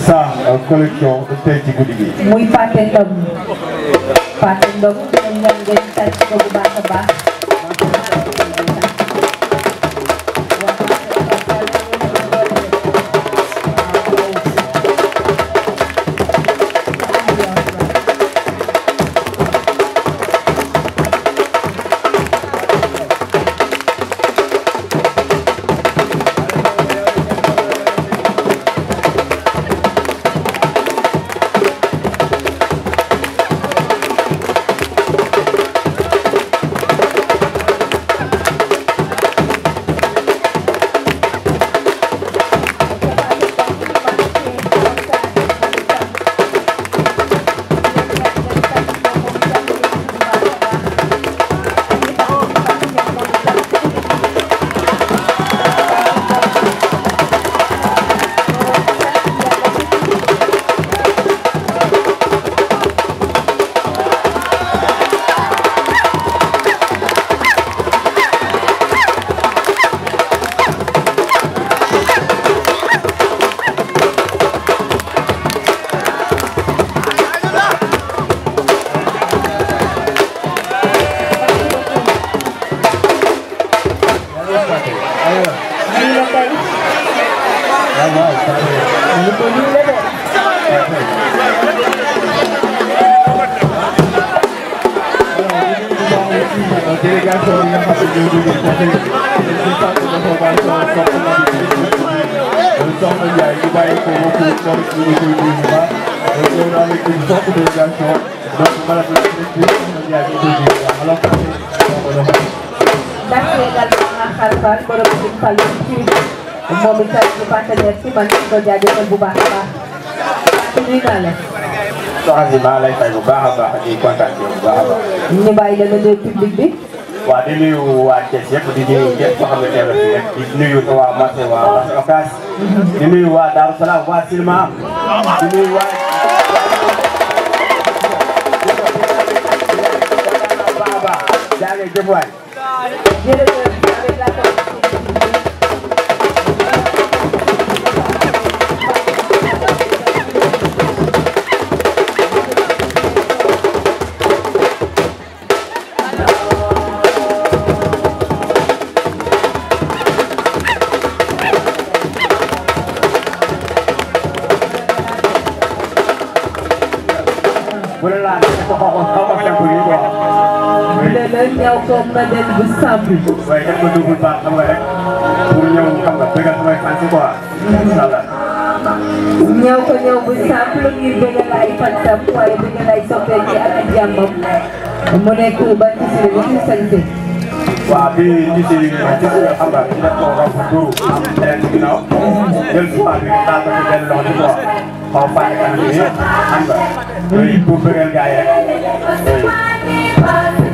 sa collection tey ci guddi gi muy Pathé Ndom Pathé Ndom ñoom ñoom ngeen tàcc dengan mengakar baru bikin paling mau bisa lupasa nyerti masih terjadi pembubahaba ini kali Tuhan di balai tayo bahaba di kuantan di ini bayi lalu di publik di wadili wace siya kudi di dia paham dia dia kas ini wa dar salam wa silma ini wa Good right. Komnaden besar. waaye def ko double pas xam nga rek pour ñëw xam nga bëggal samay fan si quoi inshallah ñëw ko ñëw bu simple ngir bëggal ay diambil. waaye bëggal ay soppee sante waaw bi ñu sudah ci xam nga ci def ko rob guru am leen ginnaaw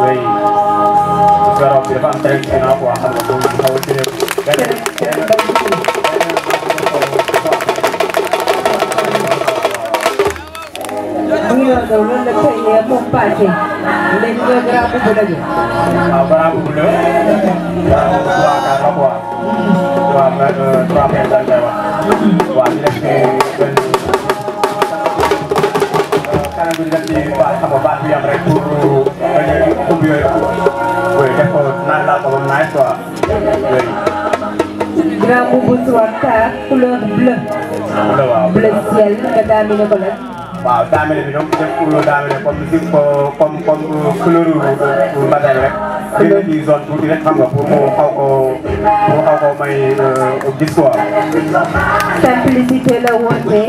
Thank you. the and ñu def ci waa xam nga baat bi am rek pour yooyu xub yooyu yooyu def ko naan laa ko moom naaj quoi yooyu. grand boubou Sowatar couleur bleu. bleu waaw bleu ciel nga daamine ko la. waaw daamine bi donc def pour daamine comme si ko comme comme couleur bu mbagay rek. couleur bi zone tuuti rek xam nga pour mu xaw ko pour xaw ko may gis quoi. simplicité la wootee.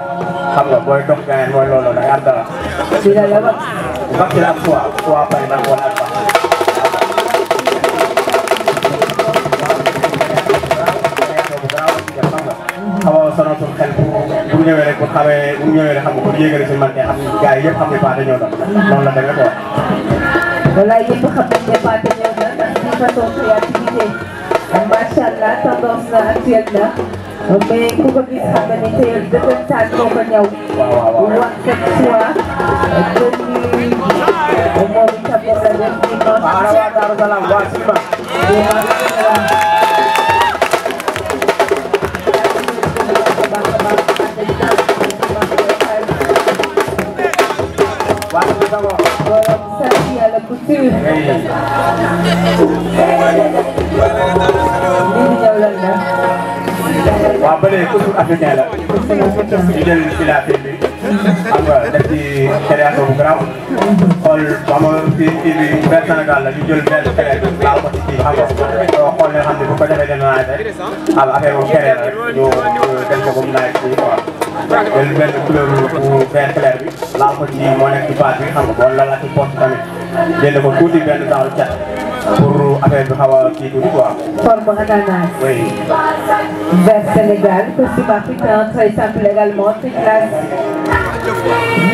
xam ya, kan, allah tendance na actuelle na Oke, ku kebisa benito yung depensan ko kanyaw. Uwa seksua. Kundi. Umong sa pagkakas dito. Arawan daro sa lang. Wasipa. Ini jauh waaw ba léegi coupe africain la ñu jël filaafee bi xam nga def ci création bu grand xool xam nga fii kii bi benn la ñu jël benn kere bi laaw ko ci kii xam nga xool nga xam ne bu ko defee dana naaj rek xam nga affaire boobu kere la rek ñu def jël benn couleur bu benn clair bi laaw ko pour affaire bi xaw a kii tuuti quoi. forme ananas. oui. vers Sénégal costume africain très simple également très classe.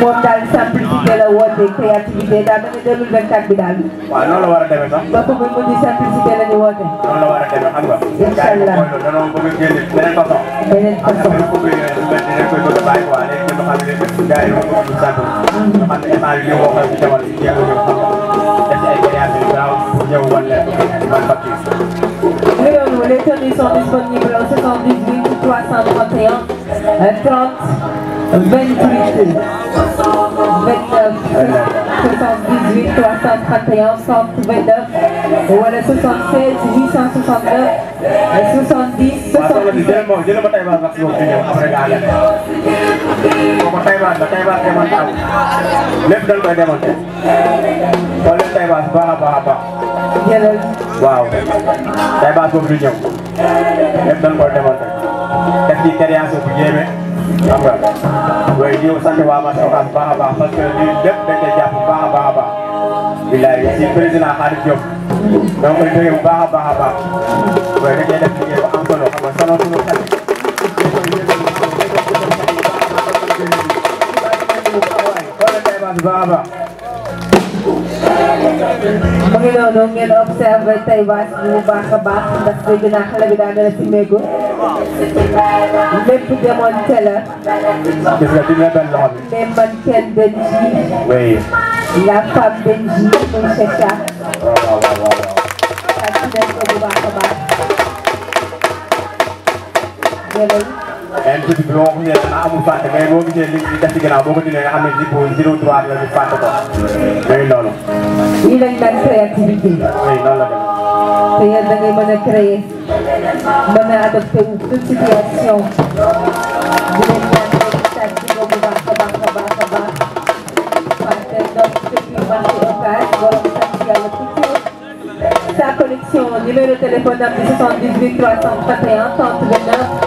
moom daal simplicité la woote créativité daa mel ni 2024 bi daal. waaw noonu la war a demee sax. ba ko mën mu di simplicité la ñu woote. noonu la war a demee xam nga. incha allah dañoo bëgg a génne beneen façon. beneen façon ak koy bëgg a bàyyi quoi léegi ñu xam ne gars yi moom ñu sant. ñu xam ne émission bi ñu waxoon ci jamono bi jeexul Le, les tenues sont disponibles au 78 331 30 28 29 78 331 129 la 76 869 70 70. waaw day baax boobu du ñëw lépp dañ koy démontré def ci créance bu yéeme xam nga loolu di sant waa marché Ocass baax a baax parce que lii lépp dañ koy jàpp baax a baax a baax bilaay si président Khadim Diop donc koy jógee bu baax a baax a baax loolu dañ koy def liggéey bu am solo xam nga solo suñu xel baax a baax Panginoon, yan observer tayo was mo baka baka tas may ginakalaginaga na si Mego. Mempo de Montella. Kasi na tinadan Memban Ken Benji. Wait. Lapap Benji. Kung siya siya. Kasi na ito baka baka. Galing. benn petit bi boo ko gisee xanaa amul fàtte mais boo gisee li li des ci ginnaaw boo ko jëlee nga xam ne li ko zéro trois la ñu fàtte ko. léegi loolu. lii lañ naan créativité. oui noonu la demee. te yéen da ngay mën a créer mën a adapté wu toute situation. di leen ñaan di tàgg ci bu baax a baax a baax a baax. waaw te donc ce qui marche au cas borom sant yàlla toujours. sa connexion numéro téléphone am bi 78 331 30 29.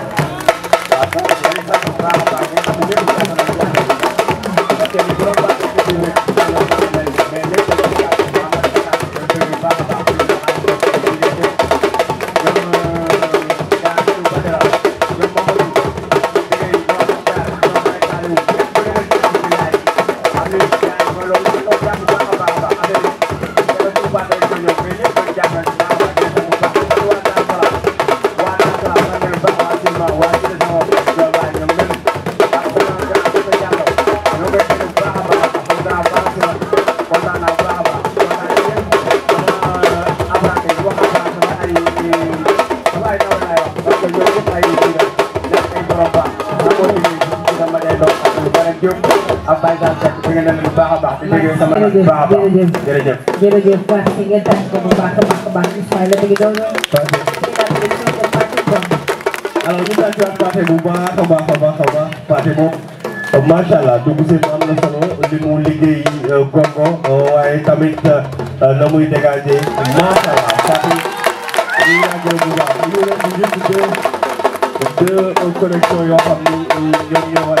baax a baax jërëjëf jërëjëf baax si ngeen tànn ko bu baax a baax a baax Ismaïla bi ngi doon alors ñu daal di wax Pathé bu baax a baax a baax a baax Pathé moom macha allah dugg si am na solo li mu liggéey gongo waaye tamit na muy dégagé macha allah Pathé ñu yàggee bu baax ñu leen di jënd deux deux connexions yoo xam ni ñoom ñoo war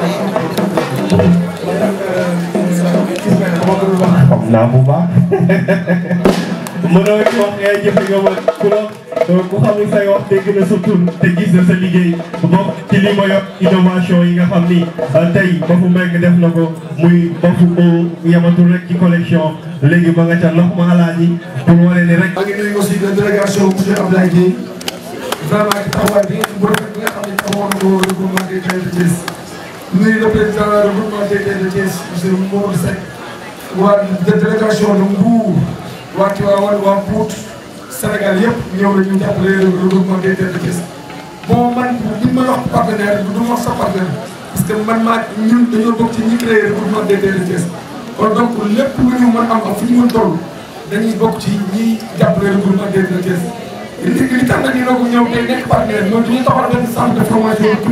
xam bu baax mënoo wax ngay jëfe nga mën ku la ku xam ni say wax dégg na sa te gis na sa liggéey bokk ci li ma yokk innovation yi nga xam tey Bafou Mbengue def na ko muy Bafou mu yamatul rek ci collection léegi ba nga ca lox ma alaaji pour wane ni rek. maa ngi nuyu aussi la délégation monsieur Abdoulaye Dièye vraiment ci taxawaay bi bu rafet bi nga xam ne taxawoon na ko recommandé nuyu le président regroupement DTD de Thiès monsieur Momadou Seck waa délégation de Mbour waa Tivaouane waa Pout Sénégal yëpp ñëw nañu jàppale le regroupement DTD de Thiès bon man li ma wax partenaire du ma wax sa partenaire parce que man maa ñun dañoo bokk ci ñi créé regroupement DTD de Thiès kon donc lépp lu ñu mën am ak fu ñu mën dañuy bokk ci ñi jàppale regroupement DTD de Thiès li li tax nag ñu doog ñëw tey nekk partenaire ñoom dañuy taxawal benn centre de formation ku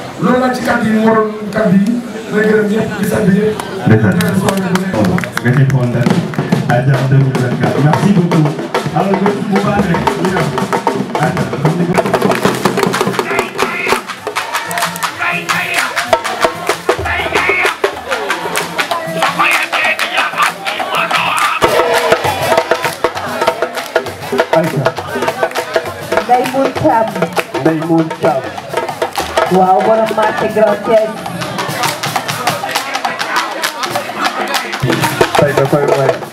loolu nag ci kàddu yi mu waroon kàddu yi may gërëm ñëpp di sant ñëpp. dëgg la dëgg 2024 merci beaucoup. alors bu baax rek ñu dem. Nday Moon Thiam. Nday Moon Thiam. Wow, what a my gracias. Thank you very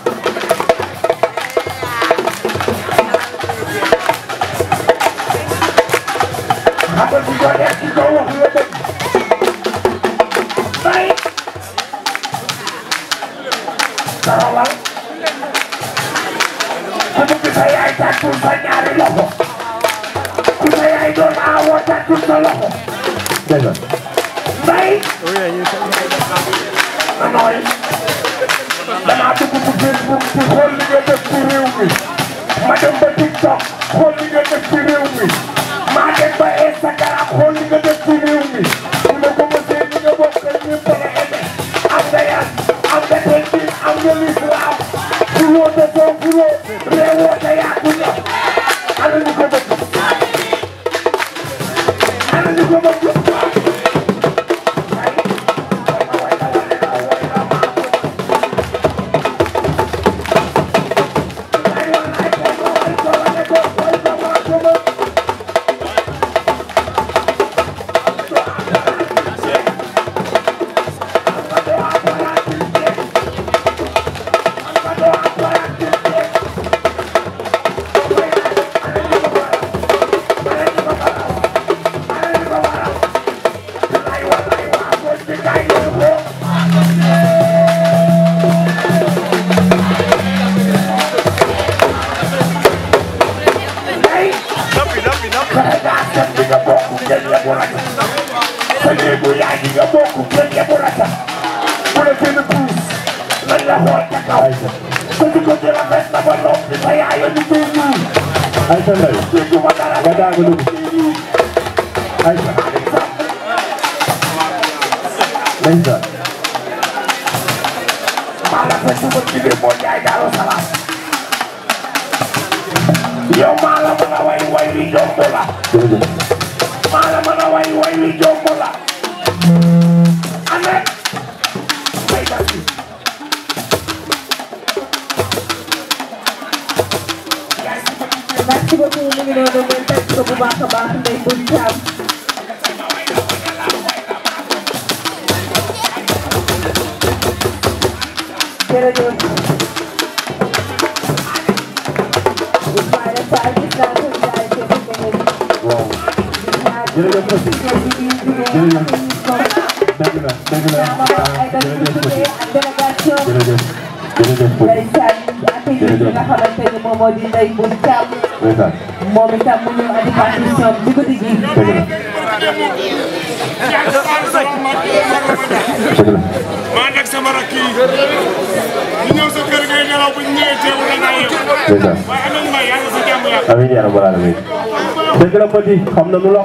alaaji xam nañu la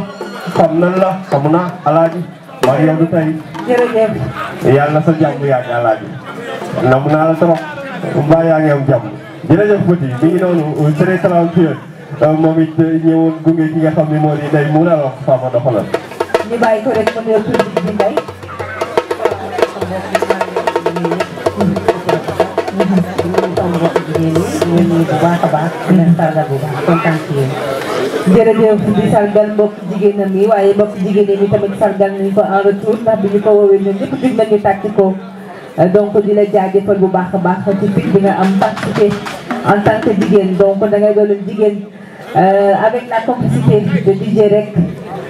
xam nañu la xam naa alaaji waaye yow du tey jërëjëf yàlla na sa jàmm yàgg alaaji nam naa la trop mbaa yaa ngi am jàmm jërëjëf bëti mi ngi noonu euh, très talentueux euh, moom it euh, ñëwoon gunge ki nga xam ne moo di day mu la wax sama doxalal ñu bàyyi ko rek ma nuyoo ngeen ñii bu baax a baax di leen sargal bu baax kontaan ci yéen jërëjëf di sargal mbokk jigéenam yi waaye mbokk jigéen ñi tamit sargal nañ ko en retour ndax bi ñu ko woowee ñun ñëpp dig nañu tàkki ko donc di la jaajëfal bu baax a baax ci pic bi nga am participé en tant que jigéen donc da ngay doon jigéen euh, avec la complicité de DJ Rek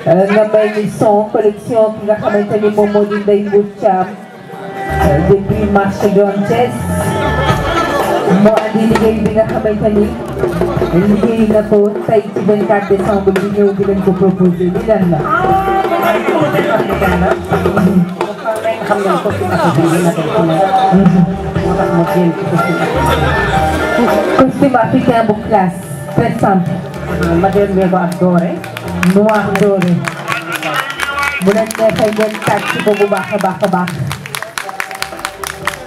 euh, nga may ni son collection ki nga xamante ni moom moo di Ndeye Mbour Thiam euh, depuis marché Grand Thiès moo andi liggéey bi nga xamante ni liggéey na ko tey ci 24 décembre bi ñëw di leen ko proposé li lan la. xam nga costume africain la tey moo tax ma génn ci costume africain. costume africain bu classe très simple. ma delluwee ko ak doore. noir doore. bu leen neexee ngeen tàcc ko bu baax a baax a baax.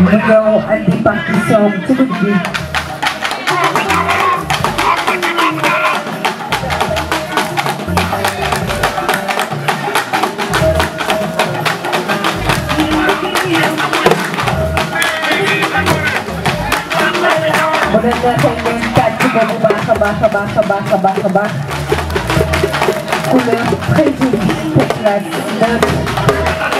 Nero and the Bucky song to the beat. baka baka baka couleur très jolie pour la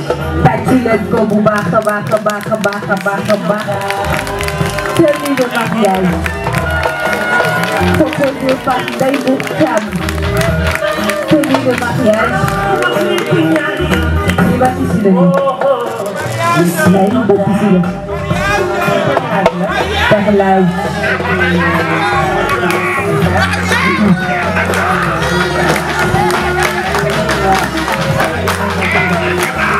Patsy, let's go. Bumaga, baga, baga, baga, baga, baga. Tell me the back, guys. So put your back, they book cam. Tell me the back, guys. Di ba si sila niyo? Yes, Ik ben ba sila? Bakalaw. Bakalaw.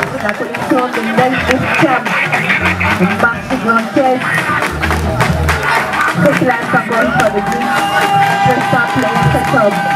I put you on the latest jump Massive on stage Quick like the beat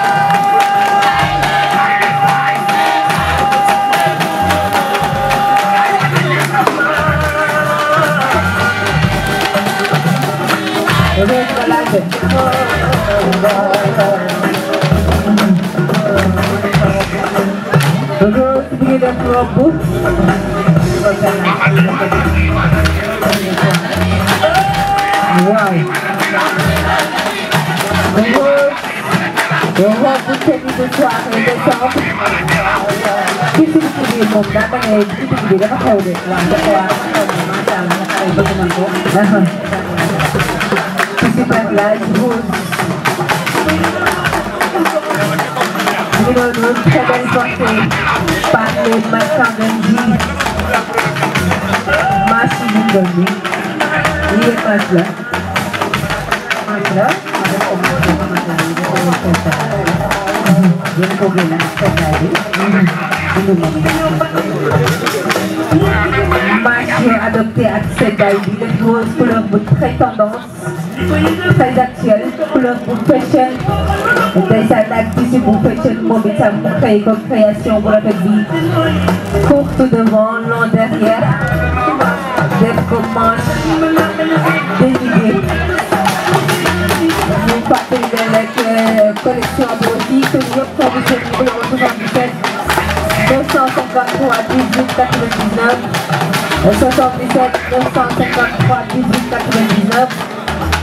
20 Wow Đúng rồi Đúng rồi, cũng trên đi tôi chọn người tôi sống Khi xin chị vì mình đã có nghề, khi xin vì đã bắt đầu được làm cho tòa Mà chàng là thầy của mình cũng Đã hơn Khi xin bạn là chị vui Hãy subscribe cho kênh Ghiền Mì Gõ Để không bỏ lỡ những video hấp dẫn parler Massa Benji, Massi Benji, il est pas là. Pas là, Massi est adopté à Sedai, une grosse colonne très tendance. transactions pour fashion tey C'est naag disi bu fashion moom itam vous xëy comme création bu rafet bi courte devant long derrière def ko manche dénudé ñu fàttali leen rek collection bi aussi que ñëpp ko bi seen numéro 77 253 18 99 77 253 18 99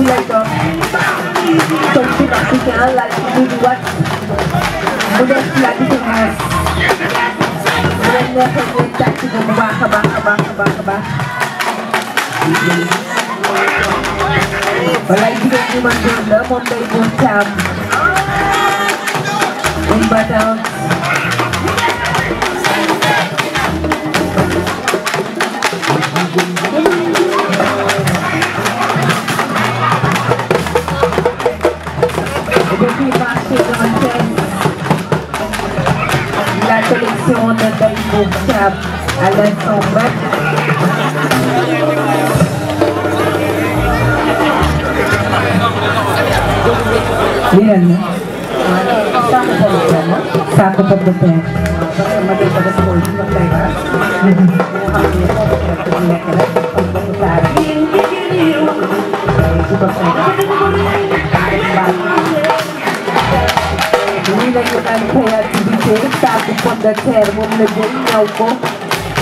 later. Don't think that we can like we do what? We don't feel like anything else. We're never going back to the Baka Baka Baka Baka Baka. Alright, you don't human being, love on the time. We battle. let's open. Yan. Sakop ang Sakop sakop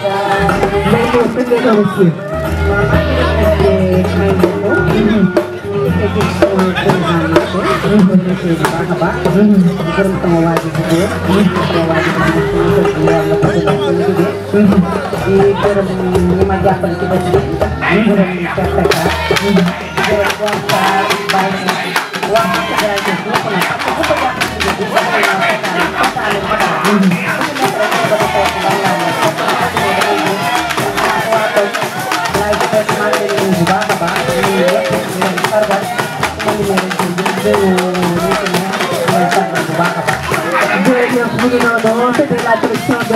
May open na daw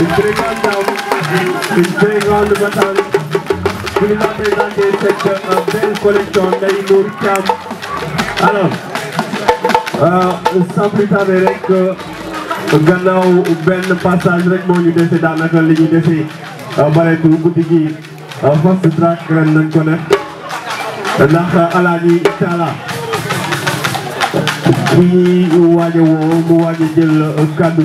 Une très grande dame, une très grande madame, vous nous présentez cette belle collection Ndeye Nour Thiam. Alors, sans plus rek gannaaw benn passage rek moo ñu dese daanaka li ñu dese bareetu guddi gi fast track ren nañ ko def ndax Alaaji Talla bu ñuy waaj a mu waaj jël kàddu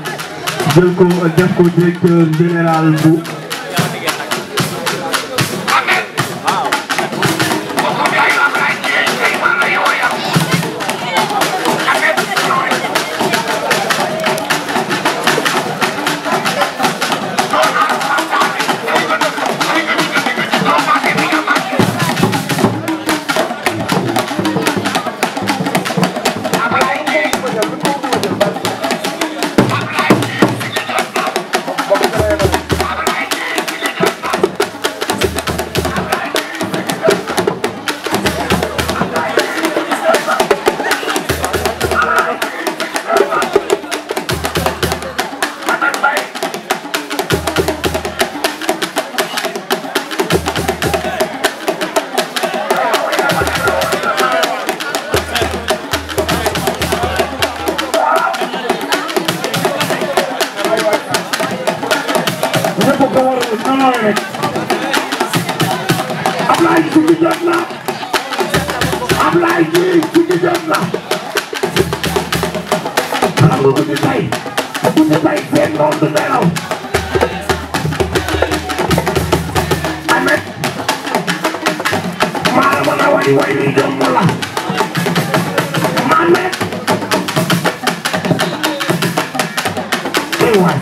jël ko def ko directeur général bu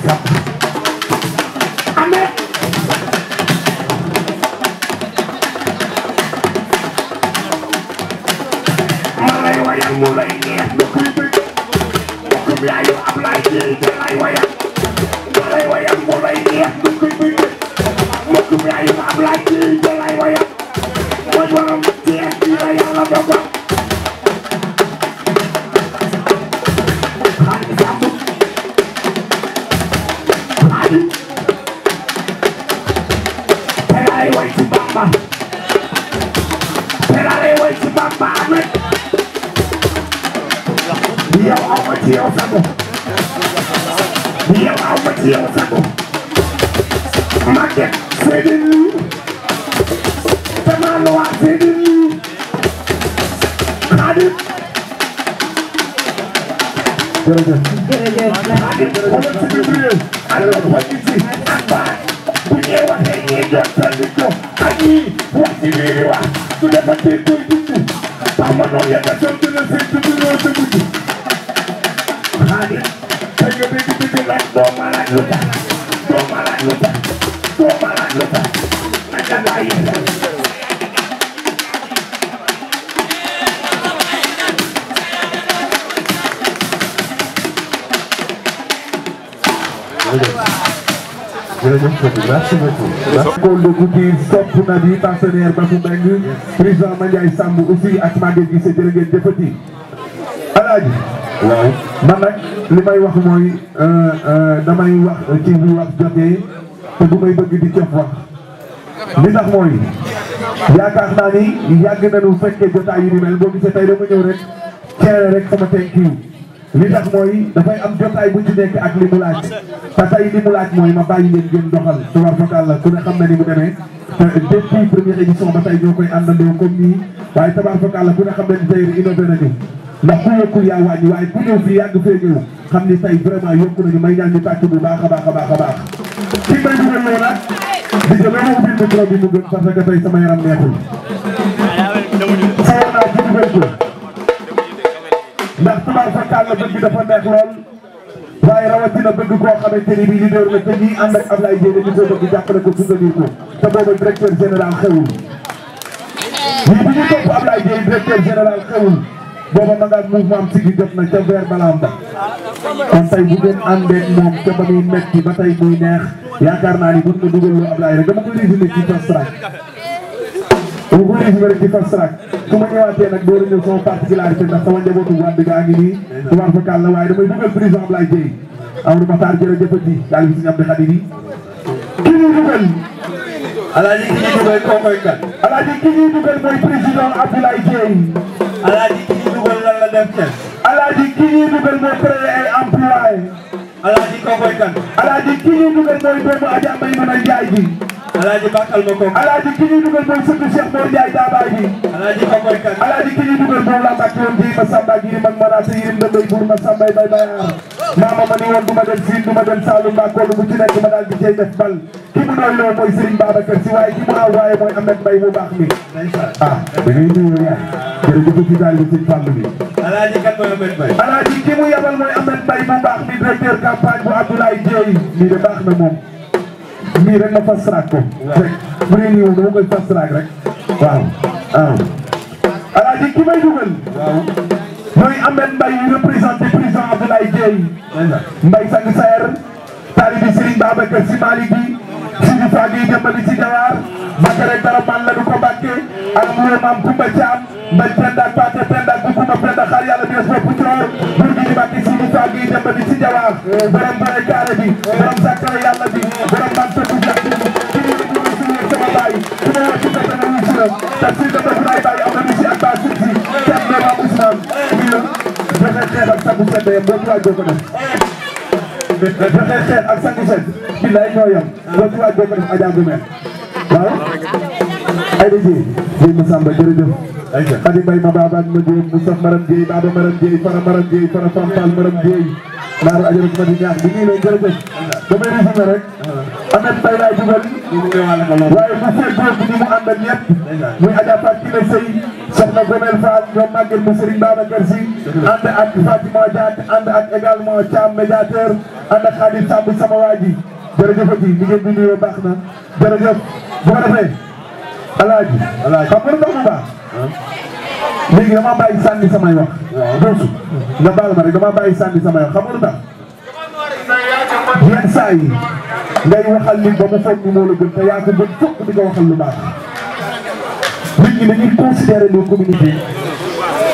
Gracias. merci beaucoup. merci beaucoup kii topp na bi partenaire Babou Mbengue président Mandiaye Samb aussi ak Maguette Guissé jërë ngeen jëfati. Alaaji. waaw man nag li may wax mooy euh, euh, damay wax ci bi wax jotee te bu may bëgg di cof wax. li tax mooy yaakaar naa ni yàgg nañu fekkee jotaay yu ni mel boo gisee tey dama ñëw rek ceele rek sama tey li tax mooy dafay am jotaay bu ci nekk ak li mu laaj. te tey li mu laaj mooy ma bàyyi leen ngeen doxal tubaab fakal la a ne xam na ni mu te depuis première édition ba tey ñoo koy àndandoo comme nii waaye tubaab xam na ni tey innové nañu ndax ku yokkul yaa wàññi waaye ku ñëw fii xam ni tey vraiment yokku nañu may ñaan ñu tàcc bu baax a baax a baax a baax ci may dugal loolu nag di jël loolu ubbi micro bi mu gën parce que tey sama yaram neexul ndax tubaab fakal la bi dafa neex lool waaye rawatina bëgg koo xamante ni bii leader la te ñii ànd ak Ablaye Diène ñu ko bëgg jàppale ko soutenir ko te booba directeur général xewul lii bi ñu topp Ablaye Diène directeur général xewul booba ma ngaan mouvement sigi jot na ca vers balaam ba kon tey bu ngeen àndee moom ca ba muy metti ba tey muy neex yaakaar ni rek dama ko ci bu ma gis nga rek di fast track su ma ñëwaatee nag door a ñëw sama particularité ndax sama njabootu wàdd gaa ngi nii tubaar fa kàll la waaye damay dugal prison Ablaye Dieye Amadou Matar jërëjëf ji daal bi si ñam di xadi nii ki ñuy dugal alaaji ki ñuy dugal koo koy kan alaaji ki ñuy dugal mooy président Abdoulaye Dieye alaaji ki ñuy dugal lan la def ca alaaji ki ñuy dugal mooy créer ay emploi alaaji koo koy kan alaaji ki ñuy dugal mooy doomu Adja Maymuna Njaay bi alaaji bàkkal ma kooku. alaaji ki ñuy dugal mooy sëñ Cheikh Mor Ndiaye daabaay bi. alaaji Bakar Kan. alaaji ki ñuy dugal moom laa bàkk woon bii Masamba ak Yirim ak Marata Yirim Ndambay Buur Masamba bay bay maama ma ni woon du ma dem Siin du ma dem Saalum ba bu ci nekk ma daal di cay def bal. ki mu doy loo mooy Serigne Babacar si waaye ki mu raw waaye mooy Ahmed Mbaye mu baax mi. ah da ngay ñëw yaay. jërëjëf ci daal bi ci fàll alaaji kan mooy Ahmed Mbaye. alaaji ki mu yabal mooy Ahmed Mbaye mu baax bii rek ma fast track ko rek bu dee nii moom dama koy fast track rek waaw waaw alaaji ki may dugal mooy Ahmed Mbaye représenté président Abdoulaye Dieye Mbaye Sang Saer taalibi Serigne Babacar Sy Malick Sidi Fagui jëmbali si Jawar Bakare Dara man la du ko bàkke ak Maam Kumba Thiam Mbaye Penda Pate Penda Goukouma Penda xaar yàlla bi Moussa Gueye Demba bi si Jaraaf borom bëre jaare bi borom sàkkara yàlla bi borom man tëdd jàpp bi ci ñu déglu ñu suñu sama baay su ma wàcc sa dana wuy si la te si dama su lay bàyyi am na misi ak baa suuf si seet na waa Ousmane muy la joxe xeet ak sangu set yem boo ci waaj doo ko def joxe xeet ak sangu set bi lay ñoo yem boo ci waaj doo ko def ajaa bu mel waaw ay di ji Samba jërëjëf Xadi Mbay ma baabaan ma jéem mu sax maram jéey baaba maram jéey fara maram jéey fara fampal maram jéey naar ajarat ma di ñaax bi nii lay jërëjëf damay résumé rek amet bay laa dugal waaye bu seet bi ni mu àndal ñett muy Adja Fatima Sey soxna Gomel Fall ñoom màggal mu Serigne Babacar Sy ànd ak Fatima Diat ànd ak également Thiam médiateur ànd sama waa ji jërëjëf a ji bi nuyoo baax na jërëjëf bu alaaji alaaji xam nga lu tax mu baax léegi dama bàyyi sànni samay wax doosu nga baal ma rek dama bàyyi sànni samay wax xam nga lu tax yenn saa yi ngay waxal nit ba mu foog ni moo la gën te yaa ko gën fokk di ko waxal lu baax nit ñi dañuy considéré les communautés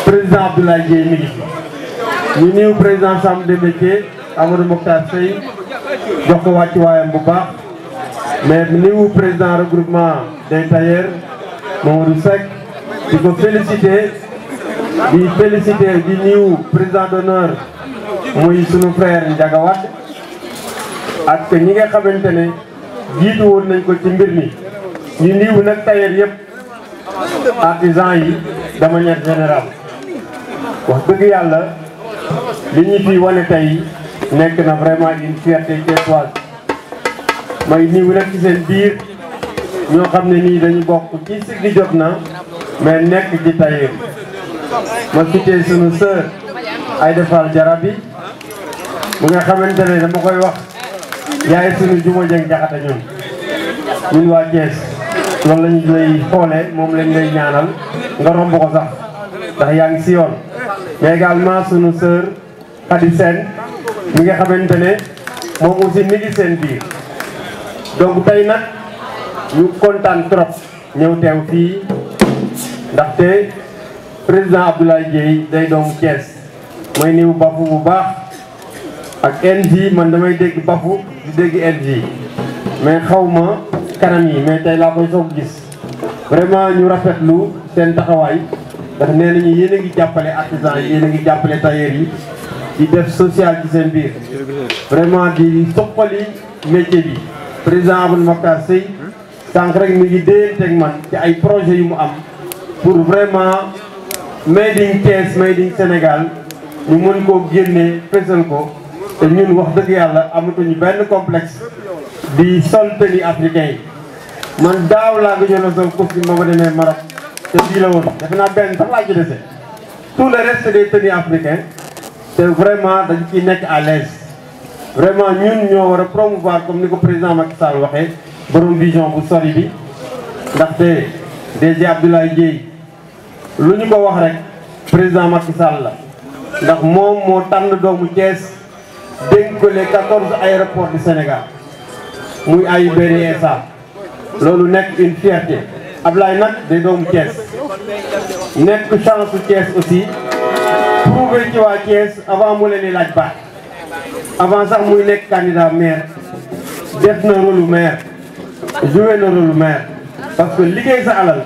président Abdoulaye Dièye mi ngi ñu néew président chambre des métiers Amadou Mokhtar Seye jox ko wàccuwaayam bu baax mais néewu président regroupement des tailleurs Mamadou Seck di ko félicité di félicité di niw président d'honneur muy sunu frère Ndiaga Wade ak ñi nga xamante ne jiitu woon nañ ko ci mbir mi ñu niw nag tailleur yëpp artisan yi de manière générale wax dëgg yàlla li ñu fi wane tey nekk na vraiment une fierté thiessoise may niw nag ci seen biir ñoo xam ne nii dañu bokk ci siggi jot na mais nekk ci tayeer ma cité sunu sœur Aïda Fall yi bu nga xamante ne dama koy wax yaay sunu juma jëng jaxata ñun ñun waa Thiès loolu lañu lay xoolee moom lañ lay ñaanal nga romb ko sax ndax yaa ngi si yoon mais également sunu sœur Khady Sène mi nga xamante ne moom aussi mi ngi seen biir donc tey nag ñu kontaan trop ñëw teew fii ndaxte président Abdoulaye Dieye day doomu Thiès may niw bafu bu baax ak NJ man damay dégg bafu di dégg NJ mais xaw ma kanam yi mais tey laa koy soog gis vraiment ñu rafet lu seen taxawaay ndax nee nañu yéen a ngi jàppale artisan yi yéen ngi jàppale tailleur yi di def social ci seen biir vraiment di soppali métier bi président Abdou Makhtar Seye sànq rek mi ngi déyanteeg man ci ay projet yu mu am pour vraiment made in Thiès made in Sénégal ñu mën koo génnee fésal ko te ñun wax dëgg yàlla amatuñu benn complexe di sol tenue africain yi man daaw laa nga jëloon sama costume ba ma demee Maroc te fii la woon defe naa benn sax laa ci dese tout le reste des tenues africains te vraiment dañ ciy nekk à l'aise vraiment ñun ñoo war a promouvoir comme ni ko président Macky Sall waxee borom vision bu sori bi ndaxte DG Abdoulaye Ndiaye lu ñu ko wax rek président Macky Sall la ndax moom moo tànn doomu Thiès dénk ko les 14 aéroports du Sénégal muy AIBD ça loolu nekk une fierté Abdoulaye nag day doomu Thiès nekk chance su Thiès aussi prouver ci waa Thiès avant mu leen di laaj baax avant sax muy nekk candidat maire def na rôle maire. joué na rôle que liggéey sa alal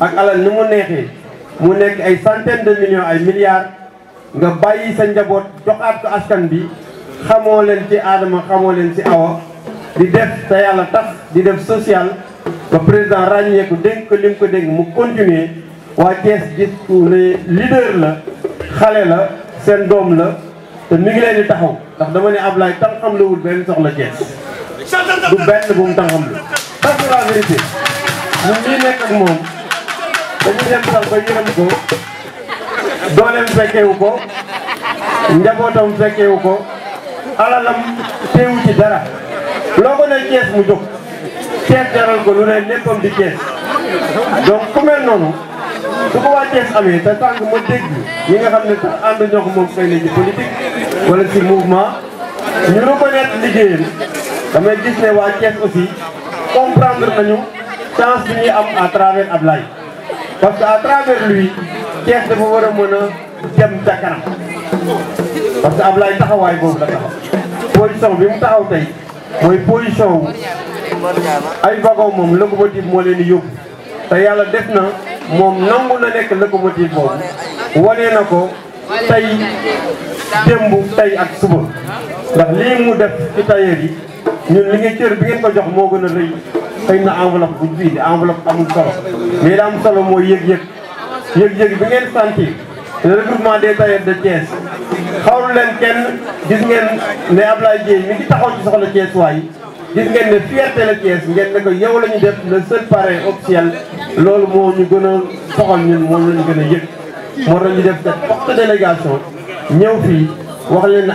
ak alal ni mu neexee mu nekk ay centaine de millions ay milliards nga bàyyi sa njaboot joxaat ko askan bi xamoo leen ci aadama xamoo leen ci awa di def te yàlla tax di def social ba président ràññeeku dénk ko li ko dénk mu continuer waa Thiès gis ne leader la xale la seen doom la te mi ngi leen di taxaw ndax dama ne Ablaye tam xam la wul benn soxla Thiès du benn bu mu taxaw la parce que la vérité ñun ñii nekk ak moom dañuy dem sax ba ko dooleem mu ko njabootam ko alalam teewu ci dara loo ne Cees mu jóg Cees jaral ko lu ne léppam di Cees donc ku mel noonu su ko waa Cees amee te sànq ma dégg ñi nga xam ne sax ànd ñoo ko moom xëy na ci politique wala ci mouvement ñu reconnaître liggéeyam damay gis ne waa Cees aussi comprendre nañu chance bi ñuy am à travers Ablaye parce que à travers lui Thiès dafa war a mën a dem ca kanam parce que Ablaye taxawaay boobu la taxaw position bi mu taxaw tey mooy position wu ay wagon moom locomotive moo leen di yóbbu te yàlla def na moom nangu na nekk locomotive boobu wane na ko tey démb tey ak suba ndax lii mu def ci tailleur yi ñun li ngeen cër bi ngeen ko jox moo gën a rëy xëy na enveloppe bu bii di enveloppe amul solo mais da am solo mooy yëg-yëg yëg-yëg bi ngeen santi le regroupement des tailleurs de Thiès xawlu leen kenn gis ngeen ne Ablaye Dieye mi ngi taxoon ci soxla Thiès waay gis ngeen ne fierté la Thiès ngeen ne ko yow la ñu def le seul parrain officiel loolu moo ñu gën a soxal ñun moom la gën a yëg moo tax ñu def cette forte délégation ñëw fii wax leen ne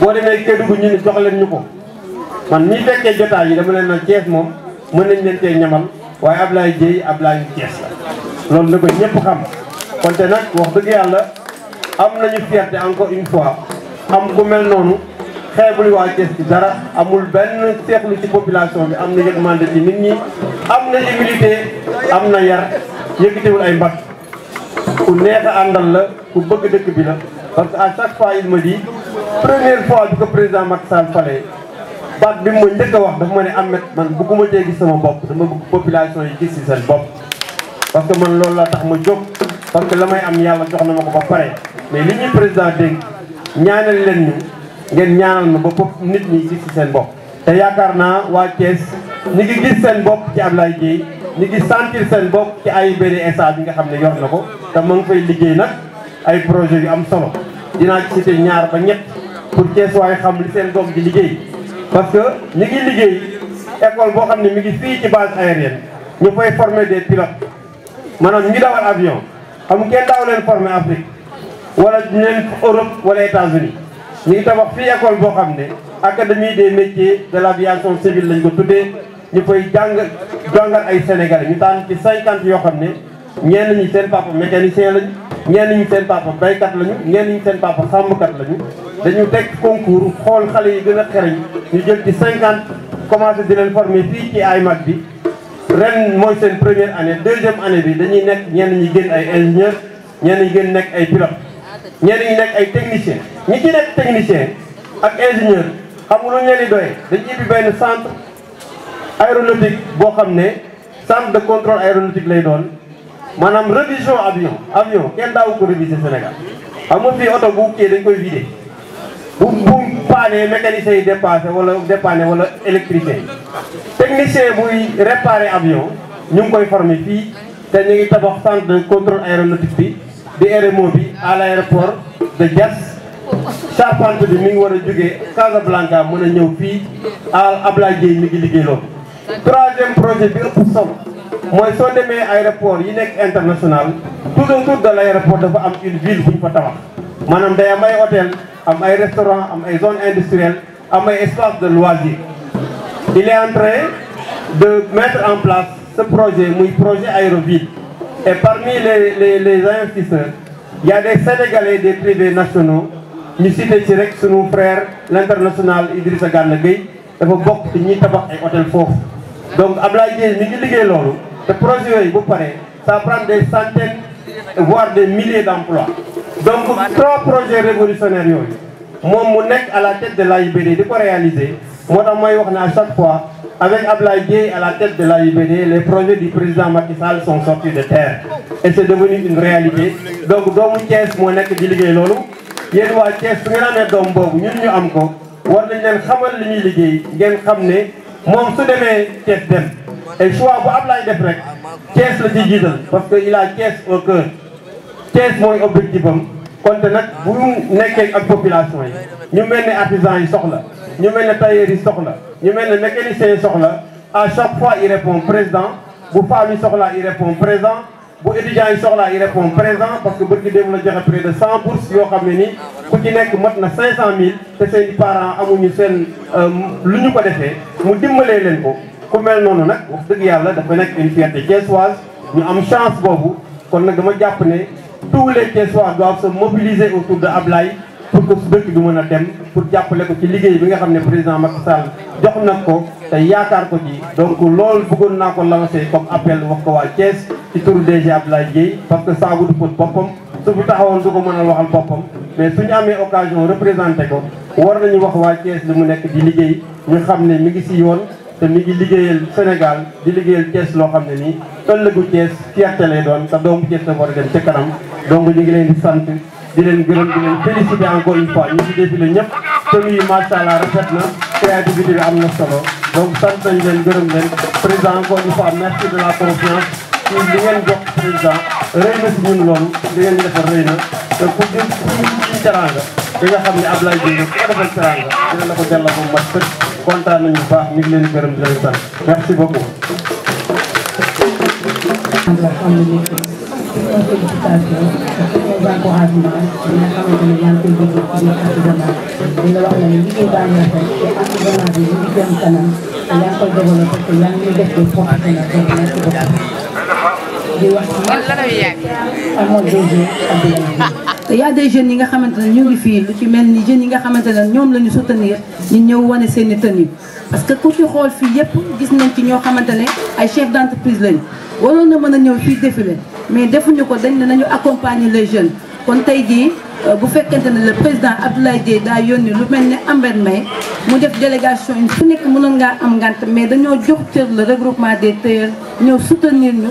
boo demee Kédougou ñu ni jox leen ñu ko man mii fekkee jotaay yi dama leen na Thiès moom mën nañ leen tee ñamal waaye Ablaye Dieye Ablaye Thiès la loolu na ko ñëpp xam konte nag wax bëgg yàlla am nañu fierté encore une fois am ku mel noonu xeebul waa Thiès ci dara amul benn seexlu ci population bi am na yëgmande ci nit ñi am na humilité am na yar yëkkatiwul ay mbag ku neex àndal la ku bëgg dëkk bi la parce que à chaque fois il ma dit première fois bi ko président Macky Sall falee baat bi mu ma njëkk wax dafa ma ne am Ahmed man bëgguma cee sama bopp dama bëgg population yi gis ci seen bopp. parce que man loolu laa tax ma jóg parce que la may am yàlla jox na ma ko ba pare mais li ñuy président dégg ñaanal leen ñu ngeen ñaanal na ba pop nit ñi gis si seen bopp. te yaakaar naa waa Thiès ni ngi gis seen bopp ci Ablaye Dieye ñi ngi sentir seen bopp ci ay bër instant bi nga xam ne yor na ko te ma ngi liggéey nag. ay projet yu am solo dina ci cité ñaar ba ñet pour Cees waaye xam li seen doom di liggéey parce que ñu ngi liggéey école bo xamni ne mi ngi fi ci base aérienne ñu fay former des pilotes maanaam ñu ngi dawal avion xam ngeen daaw leen former Afrique wala leen Europe wala États-Unis ñu ngi tabax fi école bo xamni ne académie des métiers de l'aviation civile lañ ko tuddé ñu fay jang jangal ay sénégalais ñu tan ci 50 yo xamni ne ñi seen papa mécanicien lañ. ñenn ñi seen papa baykat lañu ñenn ñi seen papa sàmmkat lañu dañu teg concours xool xale yi gën a xereñ ñu jël ci cinquante commencé di leen former fii ci ay mag bi ren mooy seen première année deuxième année bi dañuy nekk ñenn ñi gën ay ingénieur ñenn ñi gën nekk ay pilote ñenn ñi nekk ay technicien ñi ci nekk technicien ak ingénieur xam nga lu ñu leen di doyee dañu centre aéronautique boo xam ne centre de contrôle aéronautique lay doon maanaam révision avion avion kenn daaw ko réviser Sénégal xam nga fii oto bu kii dañ koy vider bu bu paanee mécanicien yi dépassé wala dépanné wala électricien yi technicien buy réparer avion ñu ngi koy former fii te ñu ngi tabax centre de aéronautique bi di RMO bi à l' aéroport de Diass charpente bi mi ngi war a jógee Casablanca mën a ñëw fii à Ablaye Gueye mi ngi liggéey loolu troisième projet bi ëpp solo mooy soo demee aéroport yi nek international tout autour de l'aéroport, il dafa am une ville bu fa tabax manam day am ay hôtel am ay restaurant am ay zone industrielle am ay espace de loisir il est en train de mettre en place ce projet muy projet aéroville et parmi les les les investisseurs il y a des sénégalais des privés nationaux ñu cité ci rek suñu frère l'international international Idrissa Gana Gueye dafa bok ci ñi tabax ay hôtel fort. donc Abdoulaye Dièye mi ngi liggéey loolu le projet vous bu ça prend des centaines voire des milliers d'emplois donc trois projets révolutionnaires Moi, moom à la tête de l'AIBD de quoi réaliser Moi, je suis à chaque fois avec Ablaïgué à la tête de l'AIBD les projets du président Macky Sall sont sortis de terre et c'est devenu une réalité donc doomu Thiès moo nekk di liggéey loolu la waa Thiès qui ngeen amee doom boobu ñun ñu am ko war nañ leen xamal li ñuy liggéey ngeen xam ne su à la dem et choix pour Ablaye def rek Thiès la ci jiital parce que il a Thiès au cœur Thiès mooy objectif am kon te nag bu ñu nekkee ak population yi ñu mel ne artisan yi soxla ñu mel ne tailleur yi soxla ñu mel ne mécanicien yi soxla à chaque fois il répond président bu femme yi soxla il répond présent bu étudiant yi soxla il répond présent parce que bërki démb la joxe près de 100 bourses yoo xam ne nii ku ci nekk mat na 500000 te seen i parents amuñu seen euh, lu ñu ko defee mu dimbalee leen ko ku mel noonu nak wax deug yalla dafa nek une fierté thiessoise ñu am chance bobu kon nak dama japp né tous les Thiessois doivent se mobiliser autour de Ablaye pour que su dëkk du mën dem pour jàppale ko ci liggéey bi nga xamné président Macky Sall jox na ko té yaakar ko ci donc lool bëggoon naa ko lancer comme appel wax ko waa Thiès ci turu DG Ablaye Dieye parce que sa du pot bopam su bu taxawon du ko mëna waxal bopam mais suñu amé occasion représenter ko war nañu wax wa Thiès lu mu nekk di liggéey ñu xamné mi ngi ci yoon te mi ngi liggéeyal Sénégal di liggéeyal Thiès loo xam ne nii bu Thiès fierté lay doon sax doomu Thiès la war a dem ca kanam donc ñu ngi leen sant di leen gërëm di leen félicité encore une fois ñu ngi défilé ñëpp tenue yi macha allah rafet na créativité bi am na solo donc sant nañ leen gërëm leen président encore une fois la confiance ci li ngeen jox président rëy na si ñun loolu li ngeen defal rëy na te ku jëm ci teranga da nga xam ne Ablaye Dieng ku ko defal teranga dina la ko jàllale ba kontaan nañu baax ñu ngi leen gërëm di leen merci beaucoup. loo xam te y a des jeunes yi nga xamante ne ñu ngi fii lu ci mel ni jeunes yi nga xamante ne ñoom la ñu soutenir ñu ñëw wane seeni i parce que ku ci xool fii yëpp gis nañ ci ñoo xamante ne ay chef d' entreprise lañu waroon na mën a ñëw fii défilé mais defuñu ko dañ ne nañu accompagner les jeunes kon tey jii euh, bu fekkente ne le président Abdoulaye Dièye daa yónni lu mel ne Ambert Mbaye mu def délégation fu nekk mënoon ngaa am ngant mais dañoo jox cër le regroupement des tailleurs ñëw soutenir ñu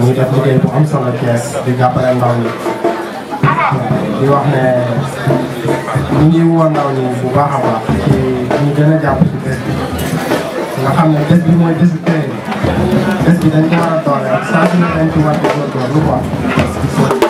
ñu ngi def liggéey bu am solo Thiès di jàppale ndaw ñi di wax ne ñu ngi woo ndaw ñi bu baax a baax ci ñu gën a jàpp ci bés bi nga xam ne bés bi mooy bésu tey bés bi dañ ko a doole ak saa su dañ ci war a góorgóorlu quoi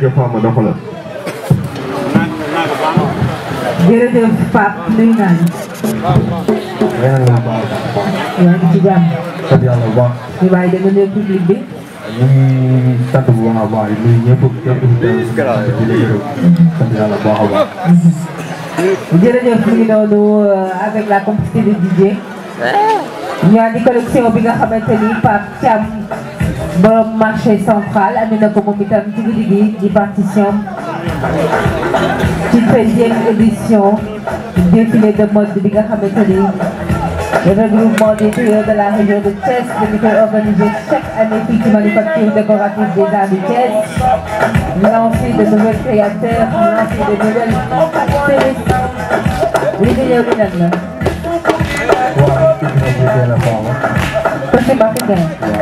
jofama doxalal jërëjëf Pape nuyu naa la yaa ngi ci jàmm sant yàlla bu baax ñu bàyyi dama ne public bi ñu ngi sant bu baax a baax yi nuyu ñëpp sant yàlla bu baax a baax jërëjëf ñu ngi noonu euh, avec la complicité de DJ ñu di collection bi nga xamante ni Pape Thiam Bon marché central Amina na ko de itam ci guddi gi partition ci treizième défilé de mode de nga le Le regroupement des tailleurs de la région de Tess, Le métier organisé chaque année fii ci manufacture décorative des arts de Tess, lancé de nouveaux créateurs lancé de nouvelles oui, bi nag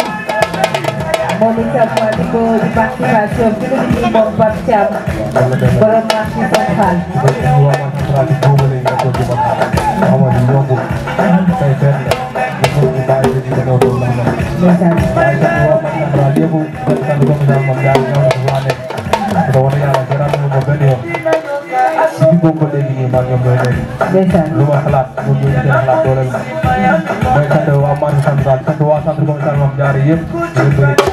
Monica Kuatiko Motivation Bombat Jam Bermaksi Bombat Luar kelas, menuju ke kelas boleh. Mereka dewa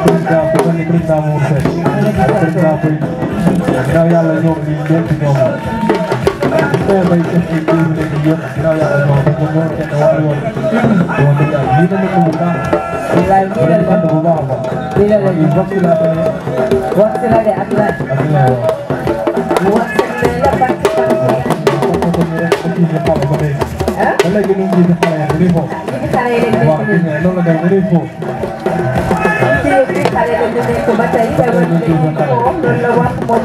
président bu mel ni président moomu fekk président buy ginnaaw yàlla ñoom ñi ñëpp ñoom ñoo bay def ci jiw bi léegi yëpp ginnaaw yàlla ñoom dañu ñëw kenn wàllu yoon bi wax dëgg yàlla lii dama ko bu baax dañu sant bu baax a baax kon il bokk la ak ak la waaw. léegi ñu ngi ci xale yi dañuy foofu. waaw kii ne loolu la day dañuy foofu. ko ba tey teewal nañu ko loolu la wax moom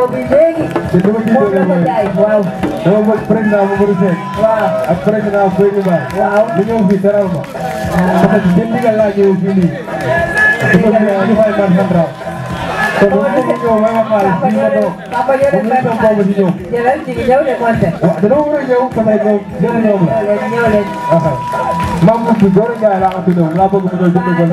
Bobiling. Muna Maday. Wow. Nama mo friend na mo Bobiling. Wow. At friend na mo Bobiling ba? Wow. Ninyo ang visa raw mo. Kapag hindi ka lang yung pili. Ito ang ano kayo man raw. So, gusto ko yung mga kapal. Kapag yun ang pwede. Yan ang sige niyo na kwante. Dalawa mo rin yung kamay ko. Yan ang yung. Okay. Ma'am, mas siguro niya lang ang tulong. Wala pa gusto ko dito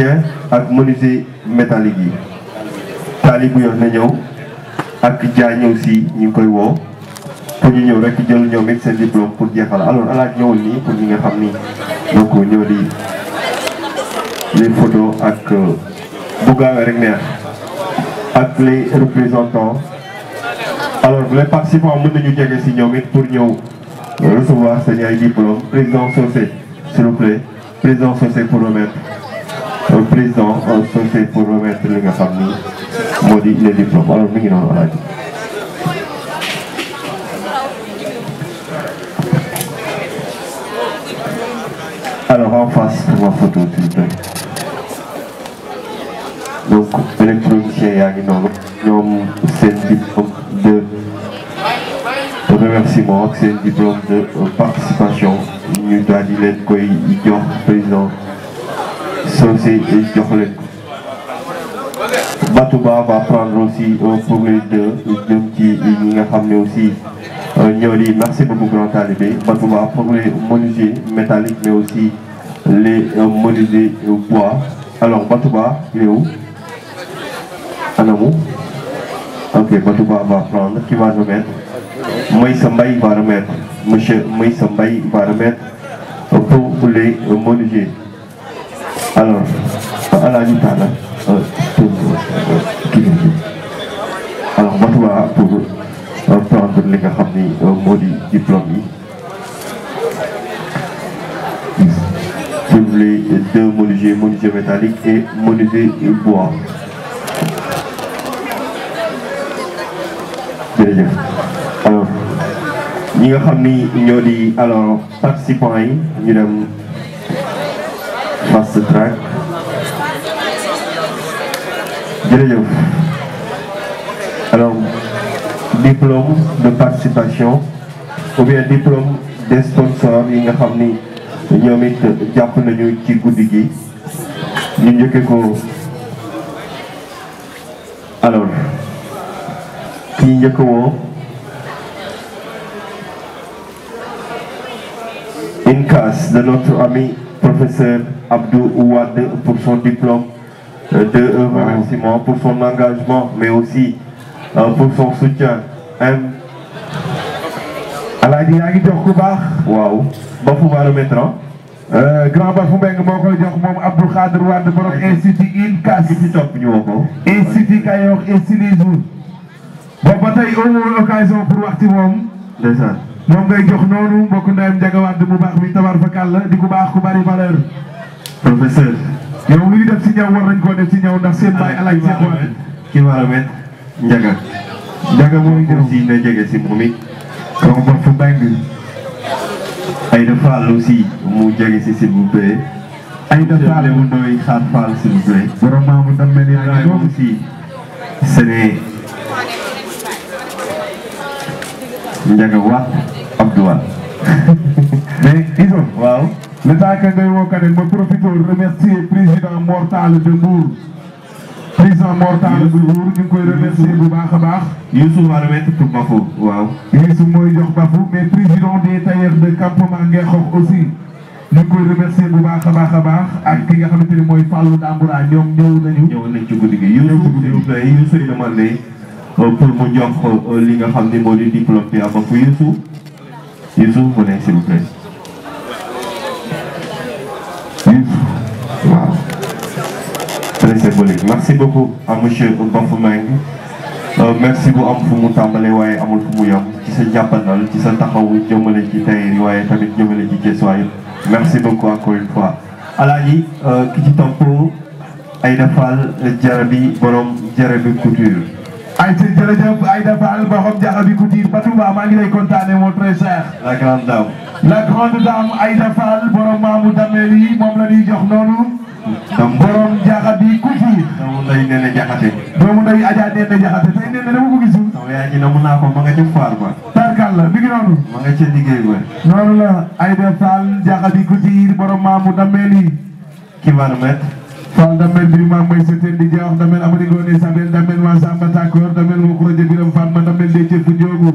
mécanicien ak menuisier métallique yi yon yox na ñëw ak jaa ñëw si koy wo. pour ñu ñëw rek jël ñoom it seen diplôme pour jeexal alors alaaj ñëwul ni pour ñi nga xam ni donc ñoo di les photos ak euh, bu rek neex ak les représentants alors les participants mën nañu jege si ñoom pour ñëw recevoir seen ay diplôme président Socé s'il vous plaît président Socé pour remettre président un préfet pour remettre les gars xam les diplômes alors mi alors en face pour ma photo s'il vous plaît donc électronicien yaa ngi c'est diplôme de remerciement c'est un diplôme de participation ñu daal di leen koy jox président jox Batouba va prendre aussi pour les de jëm ci aussi euh, merci beaucoup grand talibé Batouba pour les menuisiers métalliques mais aussi les euh, menuisiers bois alors Batouba il est où Anamou ok Batouba va prendre qui va remettre Moïse Mbaye va remettre monsieur Moïse Mbaye va remettre pour les menuisiers pour prendre li nga xam ni euh, moo di diplôme yi pour les deux menuisiers menuisier métallique et menuisier bois jërëjëf alors ñi nga xam ni alors participants yi ñu dem fast track jërëjëf alors diplôme de participation ou bien diplôme des sponsors yi nga xamni pas ñoom it nañu ci guddi ñu ko alors kii y woo une case de notre ami professeur Abdou Ouad pour son diplôme de remerciement pour son engagement mais aussi euh, pour son soutien alaaji yaa ngi jox ku baax waaw ba fu waaru métro euh, grand Bafou Mbengue moo koy jox moom Abdou Khadir Wade borom institut INCAS ci topp ñu woo ko institut Kayoor Estilisou boobu ba tey amoon occasion pour wax ci moom ndeysaan moom ngay jox noonu mbokk ndeyam Njaga bu baax bi tabar fa kàll di ku baax ku bari valeur professeur yow luy def ci ñaw war nañ koo def ci ñaw ndax seen baay ah, alaaj seen waat ki war a met Njaga jaga mumi jëm si na jaga si moom it donc ba fu bang si da mu jaga si si vous plaît ay da fall mu doy xaar fall si vous plaît borom maamu dam mel si sene jaga wax abdou wa itu wow waaw le temps que ngay wokane ma profiter remercier président mortal de Mbour président Mor Talla bu wóor ñu koy remercier bu baax a baax. Youssou va remettre pour Bafou waaw. Youssou mooy jox Bafou mais président des tailleurs de campement Ngexox aussi. ñu ngi koy remercier bu baax a baax a baax ak ki nga xam ni mooy Fallou Damboura ñoom ñëw nañu. ñëw nañ ci guddi gi Youssou Youssou yi demandé euh, pour mu jox euh, li nga ne moo mu ne très symbolique merci beaucoup à monsieur Bafoumengue euh, merci beaucoup à am fu mu tàmbalee waaye amul fu mu yam ci sa jàppandal ci sa taxawu jëmale ci tayeri waaye tamit jëmale ci Ceesuwaay merci beaucoup encore une fois alaaji euh, ki ci topp Aïda Fall jarabi borom jarabi couture ay ci jërëjëf Aïda Fall borom jarabi couture Batouba maa ngi lay kontaane mon très cher la grande dame la grande dame Aïda Fall borom mamou dameel yi moom la ñuy jox noonu borom jaxat ku ci aja nee na jaxate dama ko gisul sama yaay na mun ko ma nga ci faar ba tarkal la ma nga ci ba la Aïda Fall ku borom maamu dameel yi ki war met Fall damel bi ma may seten di jax damel amadi gone sabel damel wa samba takor damel mo ko je biram fan damel de ci fu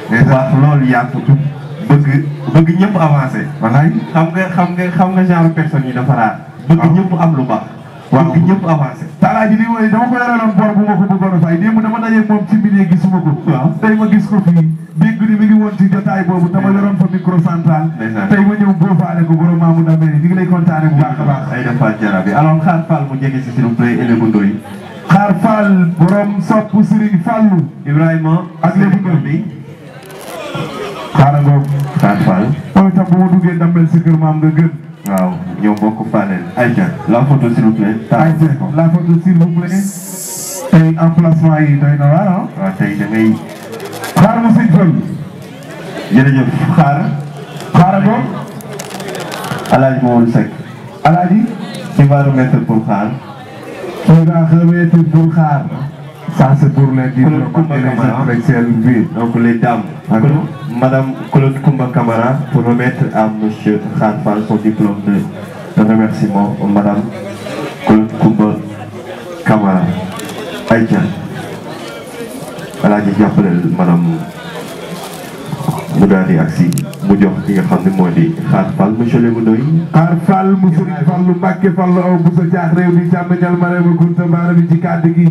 waa loolu yaatu bëgg bëgg ñëpp avancé. wallaay xam nga xam nga xam nga genre personne yi dafa raar. bëgg ñëpp am lu baax. waaw bëgg ñëpp avancé. talaa ji li mooy dama ko yoreloon bor bu ma ko bëggoon a fay démb dama dajeeg moom ci milieu gisuma ko. waaw tey ma gis ko fii dégg ni mi ngi woon ci jotaay boobu dama yoroon fa micro central. tey ma ñëw boofaale ko borom maamu damee ni ñu ngi lay kontaane bu baax a baax. ay dem Fall Jara bi alors xaar Fall mu jege si s'il vous plaît élève xaar Fall borom sopp Serigne Fallou. Ibrahima ak léegi bi. xaarangoog Saal Fall moom itam bu ma duggee dammel si kër nga gën waaw ñëw bokk Fadel Aïcha la photo s'il vous plaît Aïcha la photo s'il vous plaît tey emplacement yi doy na waar ah waaw tey da ngay xaar ma sëñ Fall jërëjëf xaar xaarangoog Alaaji Mamadou Seck Alaaji tu vas remettre pour xaar tu vas remettre pour xaar Ça, c'est pour les diplomates et les dames. Alors. Madame Claude Kumba Kamara, pour remettre à Monsieur Khanfal son diplôme de, de remerciement. Madame Claude Kumba Kamara. Aïcha. Voilà, j'ai appelé Madame mu daal di agsi mu jox ki nga xam ne moo di xaar fal monsieur Lébu Ndoy xaar fal mu sëriñ Fallu Mbàkke Fallu aw bu sa jaax réew di jàmm ñal ma réew gunta baara bi ci kàddu gi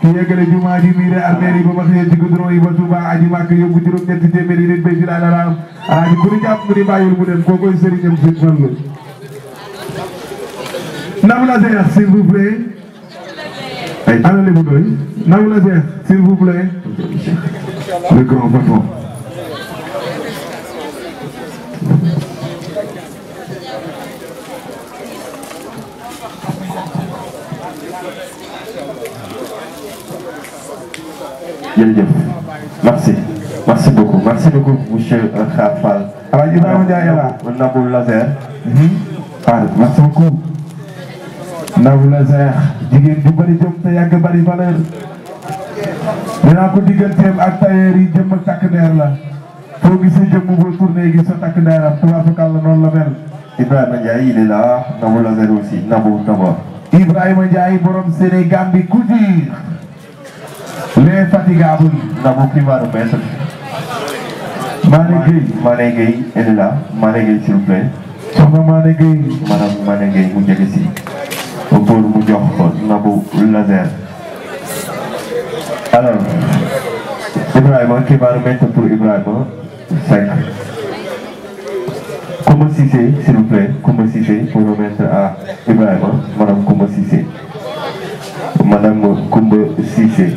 ki yëgale jumaa ji miire armeer yi ba ma xëyee ci goudron yi ba Touba aji màkk yóbbu juróom ñetti téeméer yi nit béy ci la alaram alaaji ku ni jàpp mu ni bàyyul mu dem koo koy sëriñam si fallu naw la seex s'il vous plaît ay ana lebu doy naw la seex s'il vous plaît le grand patron jërëjëf merci merci beaucoup merci beaucoup monsieur euh, Khafal. Alaaji Ibrahima Ndiaye la. Nabou Lazer. ah merci beaucoup. Nabou Lazer jigéen ju bëri jom te yàgg bëri valeur. dinaa ko digganteem ak tailleur yi jëm ak takk der la. foo gisee jëmm boo tourné gis sa takk deram tubaab la noonu la mel. Ibrahima Ndiaye il est là Nabou Lazer aussi Nabou Nabou. Ibrahima Ndiaye borom Sénégal bi ku les fatigables n'avons plus mal au maître. Mané Gueye Mané Gueye elle est là Mané Gueye s'il vous plaît. soxna Mané Gueye. madame Mané pour mu jox ko Nabou Lazer. alors Ibrahima xibaaru métti pour Ibrahima Seck. Kouma Cissé s'il vous plaît Kouma Cissé pour remettre à Ibrahima madame Kouma Cissé. madame Kouma Cissé.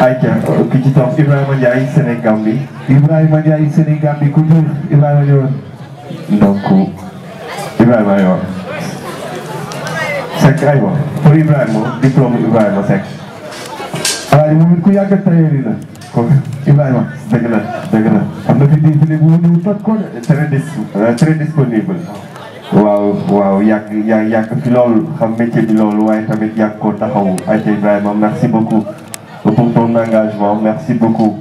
ayca ki Ibrahim topp Ibrahim Ndiaye Ibrahim Ibrahim Ndiaye Sénégambie ku Ibrahim Ibrahima ñëwoon Ibrahim Ibrahima yoon Seck Ibrahim pour Ibrahim, diplôme Ibrahim, Seck waaye moom it ku Ibrahim, tayeri la kon Ibrahima Ibrahim, la dëgg la am na fi dimbali bu ñu tot ko très très disponible waaw waaw yàgg yàgg yàgg fi loolu xam merci beaucoup pour ton engagement. Merci beaucoup,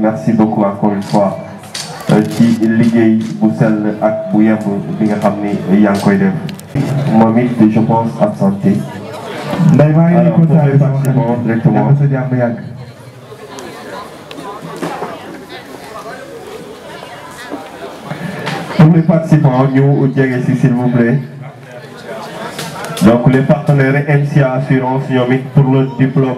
merci beaucoup encore une fois qui euh, liggéey bu sell ak bu yemb bi nga je pense absenté. santé Pour les participants ñu jege ici s'il vous plaît. donc les partenaires MCA Assurance pour le diplôme.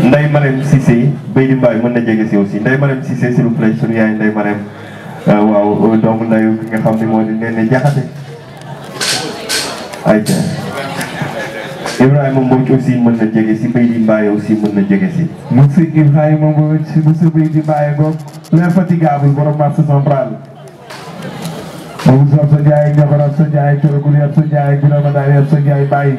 Ndeye Marème Cissé Baydi Mbaye mën na jege si aussi Ndeye Marème Cissé s'il vous plaît sunu yaay Ndeye Marème euh, waaw euh, doomu ndayu ki nga xam ne moo di Néné Diakhaté ayca Ibrahima Mbodj aussi mën na jege si Baydi Mbaye aussi mën na jege si monsieur Ibrahima Mbodj monsieur Baydi Mbaye boog l'infatigable borom marché central moom soo sa jaay jabaram sa jaay corogul yar sa jaay gunama daal yar sa jaay bàyyi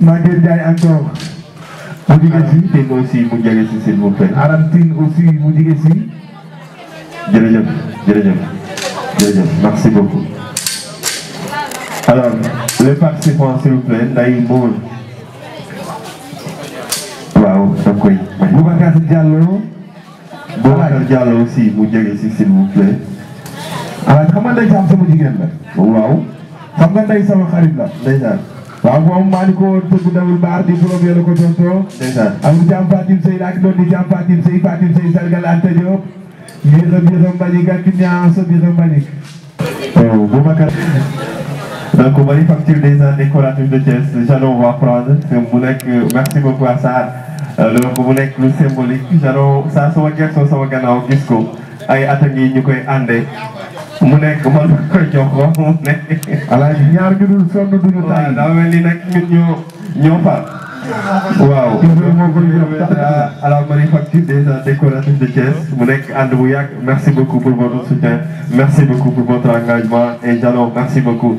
Maguette Ndiaye encore mu jigéen si Arame Tine aussi mu jege si s'il vous plaît. Arame aussi mu jigéen si. jërëjëf merci beaucoup. alors les participants s'il vous plaît Nday Mbow. waaw da koy. Boubacar Diallo. Boubacar Diallo aussi mu jege si s'il vous plaît. ah xam nga Ndeye Thiam sama jigéen la. waaw. xam nga Ndeye sama xarit la ndeysaan. waaw moom maa ko tëgg dawul baar di borom yàlla ko tontoo am jàmm Fatim Sey laak doon di jàmm Fatim Sey Fatim Sey sargal Anta Diop biixa biixa mbañik ak ñaasa biixa mbañik bu makar donc Manufacture des Arts décoratifs de Thiès Jalon va prendre mu nekk merci beaucoup à Sarr donc euh, bu nekk lu symbolique Jalon saa sama gerte sama gannaaw gis ko ay at a ngi ñu koy àndee mu nekk man ma koy jox ko mu nekk. alaaji ñaar ñu dul sonn duñu taay. waaw daa mel ni nag ñun ñoo ñoo far. waaw. à la manufacture des arts décoratifs de Thiès mu nekk ànd bu yàgg merci beaucoup pour votre soutien merci beaucoup pour votre engagement et Diallo merci beaucoup.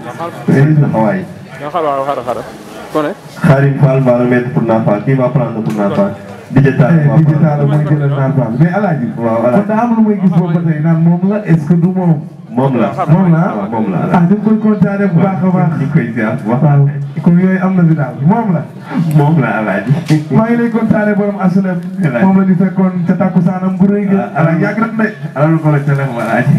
Khadim Fall va remettre pour Nafa qui va prendre pour Nafa. digital eh, digital mooy gën a naan baal mais alaaji. waaw alaaji kon daa am lu may gis boobu ba tey naan moom la est ce que du moom. moom la moom la moom la ah di nga koy kontaanee bu baax a baax. di koy ziar bu baax waaw comme yooyu am na fi daal moom la. moom la alaaji. maa ngi lay kontaanee borom asulem. alaaji moom la ñu fekkoon ca takku saanam bu rëy. alaaji yàgg na de. alaaji ko la telefon alaaji.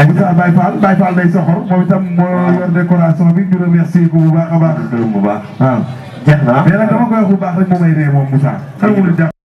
ak sa Baye Fall Baye Fall day soxor moom itam moo yor décoration bi ñu remercier ko bu baax a baax. bu baax waaw. jeex na ah. mais nag dama koy wax bu baax rek moom ay ree moom Moussa.